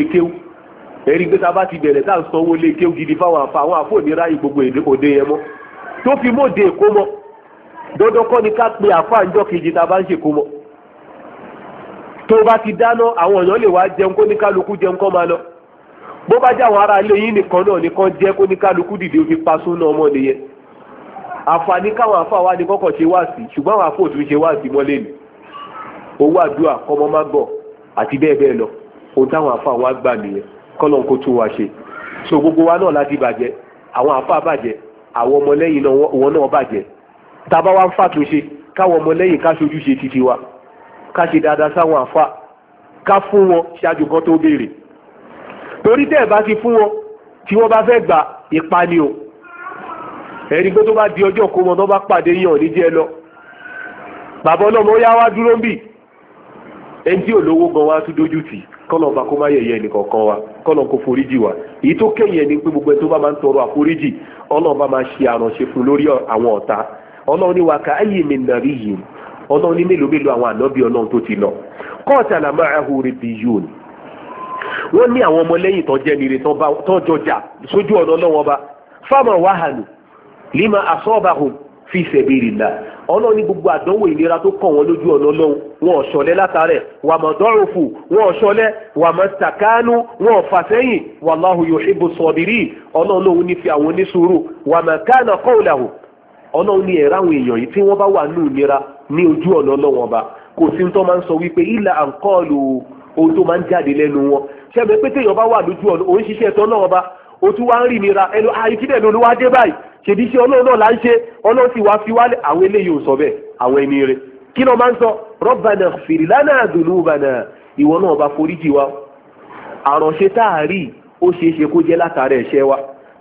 bá ti bẹ̀rẹ̀ tá sanwó lé gidi fáwọn àfa àwọn àfọ tó fi mọ́de èkó mọ́ dandan ni ká pe àfa ńjọ́ kejì tá a bá ń ṣèkó mọ́ tó bá ti dáná àwọn èèyàn lè wá jẹun kó ní kálukú jẹun kọ́ máa lọ bó bá jáwọn ará ilé yín nìkan náà nìkan jẹ́ kó ní kálukú dìde fi pa súnà ọmọ nìyẹn àǹfààní káwọn àfa wa ni kọ́kọ́ ṣe wá sí ṣùgbọ́n àwọn àfọ ṣe wá sí mọ́lẹ́ ni owó àdúrà kọ́mọ má gbọ̀ àti bẹ́ẹ̀ bẹ́ẹ̀ lọ ohun táwọn àfa wa gbà nìyẹn kọ́lọ́n kó tún wa ṣe so gbogbo wa náà láti bàjẹ́ àwọn àfa bàjẹ́ àwọn ọmọlẹ́yìn náà wọn náà bàjẹ́ tàbá wa ń fàtúnṣe káwọn ọmọlẹ́yìn ká ṣojú ṣe títí wa ká ṣe dáadáa sáwọn àfa ká fún wọn ṣáájú kan tó béèrè torí tẹ́ ẹ̀ bá ti fún wọn tí wọ́n bá fẹ́ gba ìpani o ẹni pé tó bá di ọjọ́ kó wọn tó bá pàdé yàn níjẹ́ lọ bàbá ọlọ́mọ ó yá wá dúró ń bì ẹni tí ò gan wá tún dójú tì í kọ́nà ọba kó má yẹ̀yẹ́ ẹnìkọ̀ọ̀kan wa kọ́nà kó foríjì wa èyí tó kẹ́yìn ẹni pé gbogbo ẹ tó bá máa ń tọrọ àforíjì Ọlọba máa ṣe àránṣe fún lórí àwọn ọ̀tá Ọlọni Waka wa ká ayé mi nàrí yìí mélòó àwọn ànábì ti lọ bí yóò ní. wọ́n ní àwọn tán tán jọjà sójú ọ̀nà fáwọn wàhálù lima fi sabilillah ọlọ́run ní gbogbo àdánwò ìlera tó kàn wọ́n lójú ọ̀nà ọlọ́run wọn ọ̀ṣọ́lẹ́ látàrẹ̀ wà mọ̀ dọ́rùfù wọn ọ̀ṣọ́lẹ́ wà mọ̀ sàkánú wọn ọ̀fàsẹ́yìn wallahu yuhibbu sabirin ọlọ́run lòun ní fi àwọn oníṣòro wà mọ̀ kánà qawluhu ọlọ́run ní ẹ̀rá àwọn èèyàn yìí tí wọ́n bá wà ní ìnira ní ojú ọ̀nà ọlọ́run ọba kò sí tó máa ń sọ wípé ilà àǹkọ́ọ̀lù ṣèbí iṣẹ́ ọlọ́run náà là ń ṣe ọlọ́run sì wá fi wálé àwọn eléyìí ò sọ bẹ́ẹ̀ àwọn ẹni rẹ̀ kí ló máa ń sọ rọ́bànà fìrìlánà àdùnnúbànà ìwọ náà bá foríjì wa àránṣe tá a rí ó ṣeé ṣe kó jẹ́ látara ẹ̀ṣẹ̀ wa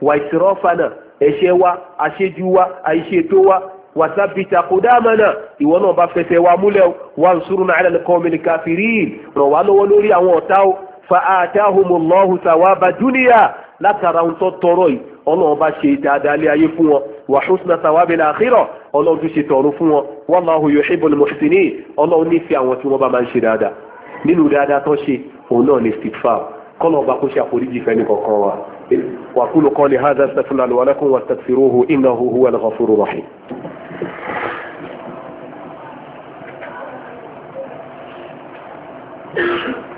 wàìsírọ́fànà ẹ̀ṣẹ̀ wa àṣejù wa àìṣètò wa wàtàbìtà kòdáàmánà ìwọ náà bá fẹsẹ̀ wa múlẹ̀ wà ń súrù náà àlẹ́ kọ́mìnì káfírin ràn wá lọ́wọ́ lórí ọlọ́run bá ṣe dáadáa lé ayé fún wọn wa husna thawabil akhirah ọlọ́run tún ṣe tọ̀run fún wọn wọn lọ wallahu ní muhsinin ọlọ́run fi àwọn tí wọ́n bá máa ń ṣe dáadáa nínú dáadáa tó ṣe òun náà ní istighfar kọ́nà ọba kó ṣe àforíjì fẹ́ ní kọ̀ọ̀kan wa وأقول قولي هذا استغفر الله ولكم واستغفروه إنه هو الغفور الرحيم Thank you.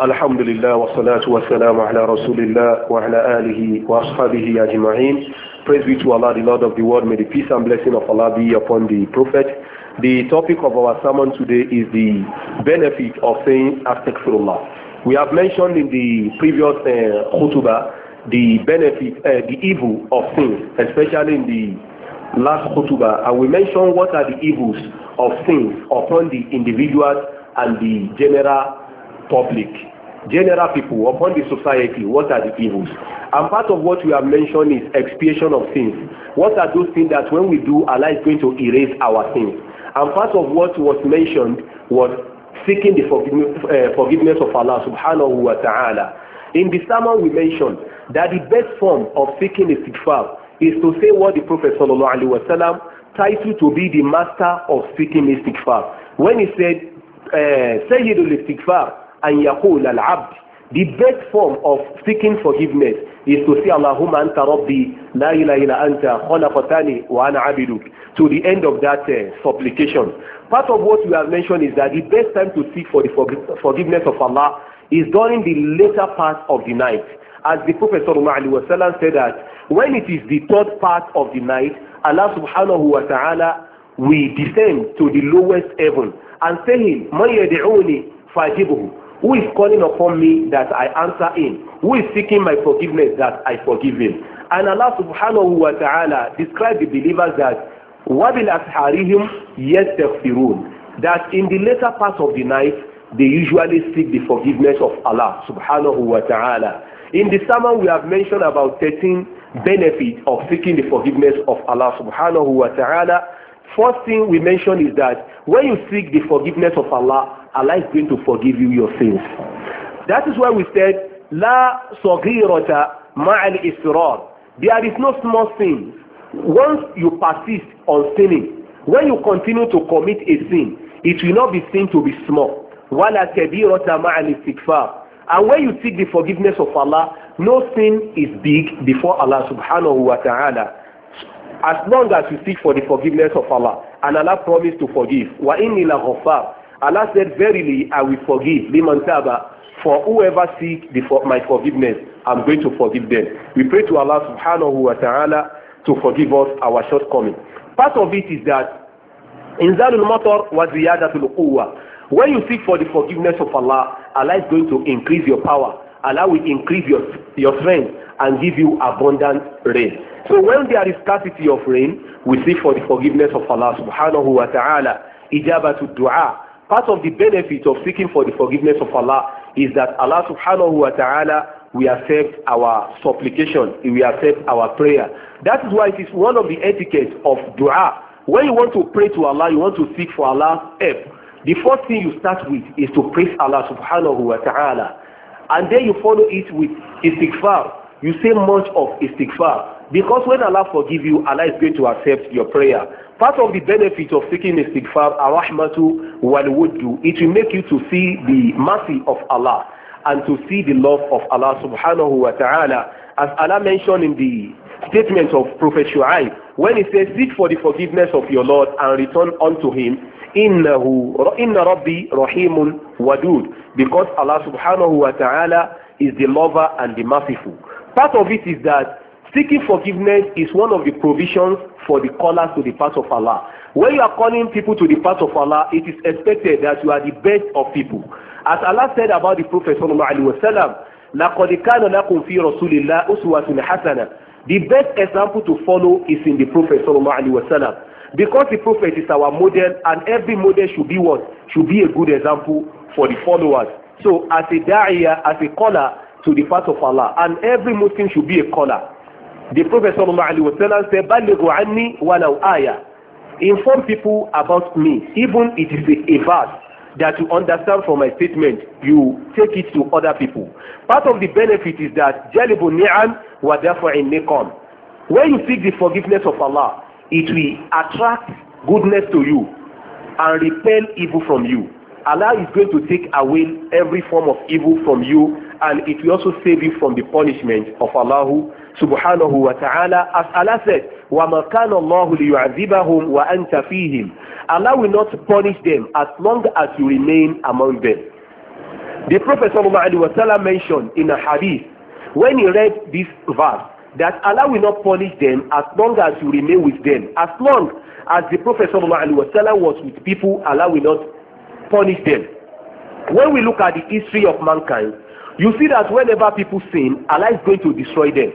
الحمد لله والصلاة والسلام على رسول الله وعلى آله وأصحابه أجمعين Praise be to Allah, the Lord of the world. May the peace and blessing of Allah be upon the Prophet. The topic of our sermon today is the benefit of saying Astaghfirullah. We have mentioned in the previous uh, khutbah the benefit, uh, the evil of sin, especially in the last khutbah. And we mentioned what are the evils of sin upon the individuals and the general public, general people, upon the society, what are the evils? And part of what we have mentioned is expiation of sins. What are those things that when we do, Allah is going to erase our sins? And part of what was mentioned was seeking the eh, forgiveness, of Allah subhanahu wa ta'ala. In the sermon we mentioned that the best form of seeking istighfar is to say what the Prophet sallallahu alaihi wasallam titled to be the master of seeking istighfar. When he said, uh, Sayyidul Istighfar, an yaqula al-abd the best form of seeking forgiveness is to say Allahumma anta rabbi la ilaha illa anta khalaqtani wa ana abiduk to the end of that uh, supplication part of what we have mentioned is that the best time to seek for the forgiveness of Allah is during the later part of the night as the Prophet sallallahu alaihi wasallam said that when it is the third part of the night Allah subhanahu wa ta'ala will descend to the lowest heaven and say him man yad'uni fajibuhu who is calling upon me that I answer him, who is seeking my forgiveness that I forgive him. And Allah subhanahu wa ta'ala described the believers that وَبِالْأَسْحَارِهِمْ يَسْتَغْفِرُونَ that in the later part of the night, they usually seek the forgiveness of Allah subhanahu wa ta'ala. In the sermon, we have mentioned about thirteen benefits of seeking the forgiveness of Allah subhanahu wa ta'ala. First thing we mention is that when you seek the forgiveness of Allah, Allah is going to forgive you your sins. That is why we said, La sagirata ma'al israr. There is no small sin. Once you persist on sinning, when you continue to commit a sin, it will not be seen to be small. Wala kabirata ma'al istighfar. And when you seek the forgiveness of Allah, no sin is big before Allah subhanahu wa ta'ala. As long as you seek for the forgiveness of Allah, and Allah promised to forgive. Wa inni la Allah said, Verily, I will forgive Limantaba. For whoever seek the, for my forgiveness, I'm going to forgive them. We pray to Allah subhanahu wa ta'ala to forgive us our shortcomings. Part of it is that Inzalul Matar was Ziyadatul Quwwa. When you seek for the forgiveness of Allah, Allah is going to increase your power. Allah will increase your, your strength and give you abundant rain. So when there is scarcity of rain, we seek for the forgiveness of Allah subhanahu wa ta'ala. Ijabatu du'a. Part of the benefit of seeking for the forgiveness of Allah is that Allah subhanahu wa ta'ala we accept our supplication, we accept our prayer. That is why it is one of the etiquette of dua. When you want to pray to Allah, you want to seek for Allah's help. The first thing you start with is to praise Allah subhanahu wa ta'ala. And then you follow it with istighfar. You say much of istighfar. Because when Allah forgive you, Allah is going to accept your prayer. Part of the benefit of seeking istighfar arahmatu rahmatu It will make you to see the mercy of Allah and to see the love of Allah subhanahu wa ta'ala. As Allah mentioned in the statement of Prophet Shu'aib, when he says, seek for the forgiveness of your Lord and return unto him, innahu, inna rabbi rahimun wadud. Because Allah subhanahu wa ta'ala is the lover and the merciful. Part of it is that Seeking forgiveness is one of the provisions for the callers to the path of Allah. When you are calling people to the path of Allah, it is expected that you are the best of people. As Allah said about the Prophet sallallahu alaihi wasallam, لَقَدْ كَانَ لَكُمْ فِي رَسُولِ اللَّهِ أُسْوَةٌ حَسَنَةٌ The best example to follow is in the Prophet sallallahu alaihi wasallam. Because the Prophet is our model and every model should be what? Should be a good example for the followers. So as a da'iyah, as a caller to the path of Allah, and every Muslim should be a caller. The Prophet sallallahu alaihi wasallam said, "Balighu anni walau aya." Inform people about me, even if it is a verse that you understand from my statement, you take it to other people. Part of the benefit is that jalibu ni'am wa dafa'in niqam. When you seek the forgiveness of Allah, it will attract goodness to you and repel evil from you. Allah is going to take away every form of evil from you and it will also save you from the punishment of Allahu." subhanahu wa ta'ala as Allah said wa ma kana Allahu liyu'adhibahum wa anta fihim Allah will not punish them as long as you remain among them the prophet sallallahu alaihi wasallam mentioned in a hadith when he read this verse that Allah will not punish them as long as you remain with them as long as the prophet sallallahu alaihi wasallam was with people Allah will not punish them when we look at the history of mankind you see that whenever people sin Allah is going to destroy them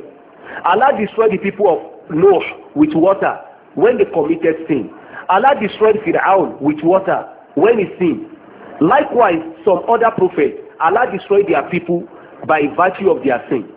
Allah destroyed the people of Noah with water when they committed sin. Allah destroyed Fir'aun with water when he sinned. Likewise, some other prophets, Allah destroyed their people by virtue of their sin.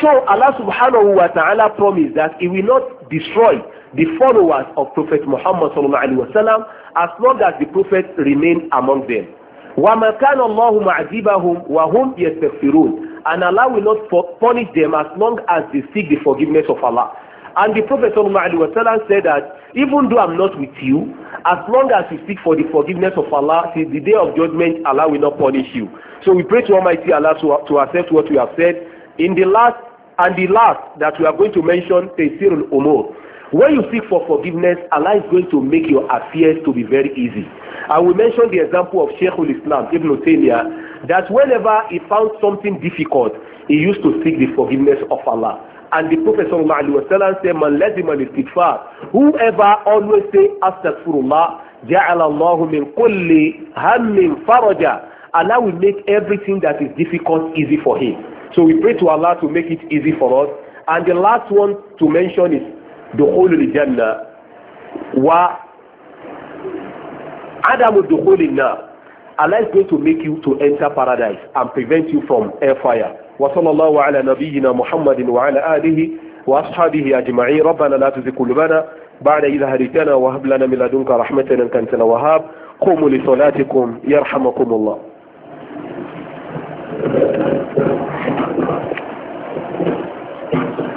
So Allah subhanahu wa ta'ala promised that he will not destroy the followers of Prophet Muhammad sallallahu alaihi wasallam as long as the prophet remain among them. وَمَا كَانَ اللَّهُ مُعَذِّبَهُمْ وَهُمْ يَسْتَغْفِرُونَ and Allah will not punish them as long as they seek the forgiveness of Allah. And the Prophet ﷺ said that even though I'm not with you, as long as you seek for the forgiveness of Allah, till the day of judgment, Allah will not punish you. So we pray to Almighty Allah to, to accept what we have said. In the last and the last that we are going to mention, Taysirul Umur. When you seek for forgiveness, Allah is going to make your affairs to be very easy. I will mention the example of Sheikhul Islam Ibn Taymiyyah that whenever he found something difficult, he used to seek the forgiveness of Allah. And the Prophet sallallahu alaihi wasallam said, "Man lazim al-istighfar." Whoever always say astaghfirullah, ja'ala Allahu min kulli hammin faraja. Allah will make everything that is difficult easy for him. So we pray to Allah to make it easy for us. And the last one to mention is دخول الجنة وعدم دخول النار Allah is going to make you to enter paradise and prevent you from hellfire وصلى الله على نبينا محمد وعلى آله وأصحابه أجمعين ربنا لا تزغ قلوبنا بعد إذا هديتنا وهب لنا من لدنك رحمة إنك أنت الوهاب قوموا لصلاتكم يرحمكم الله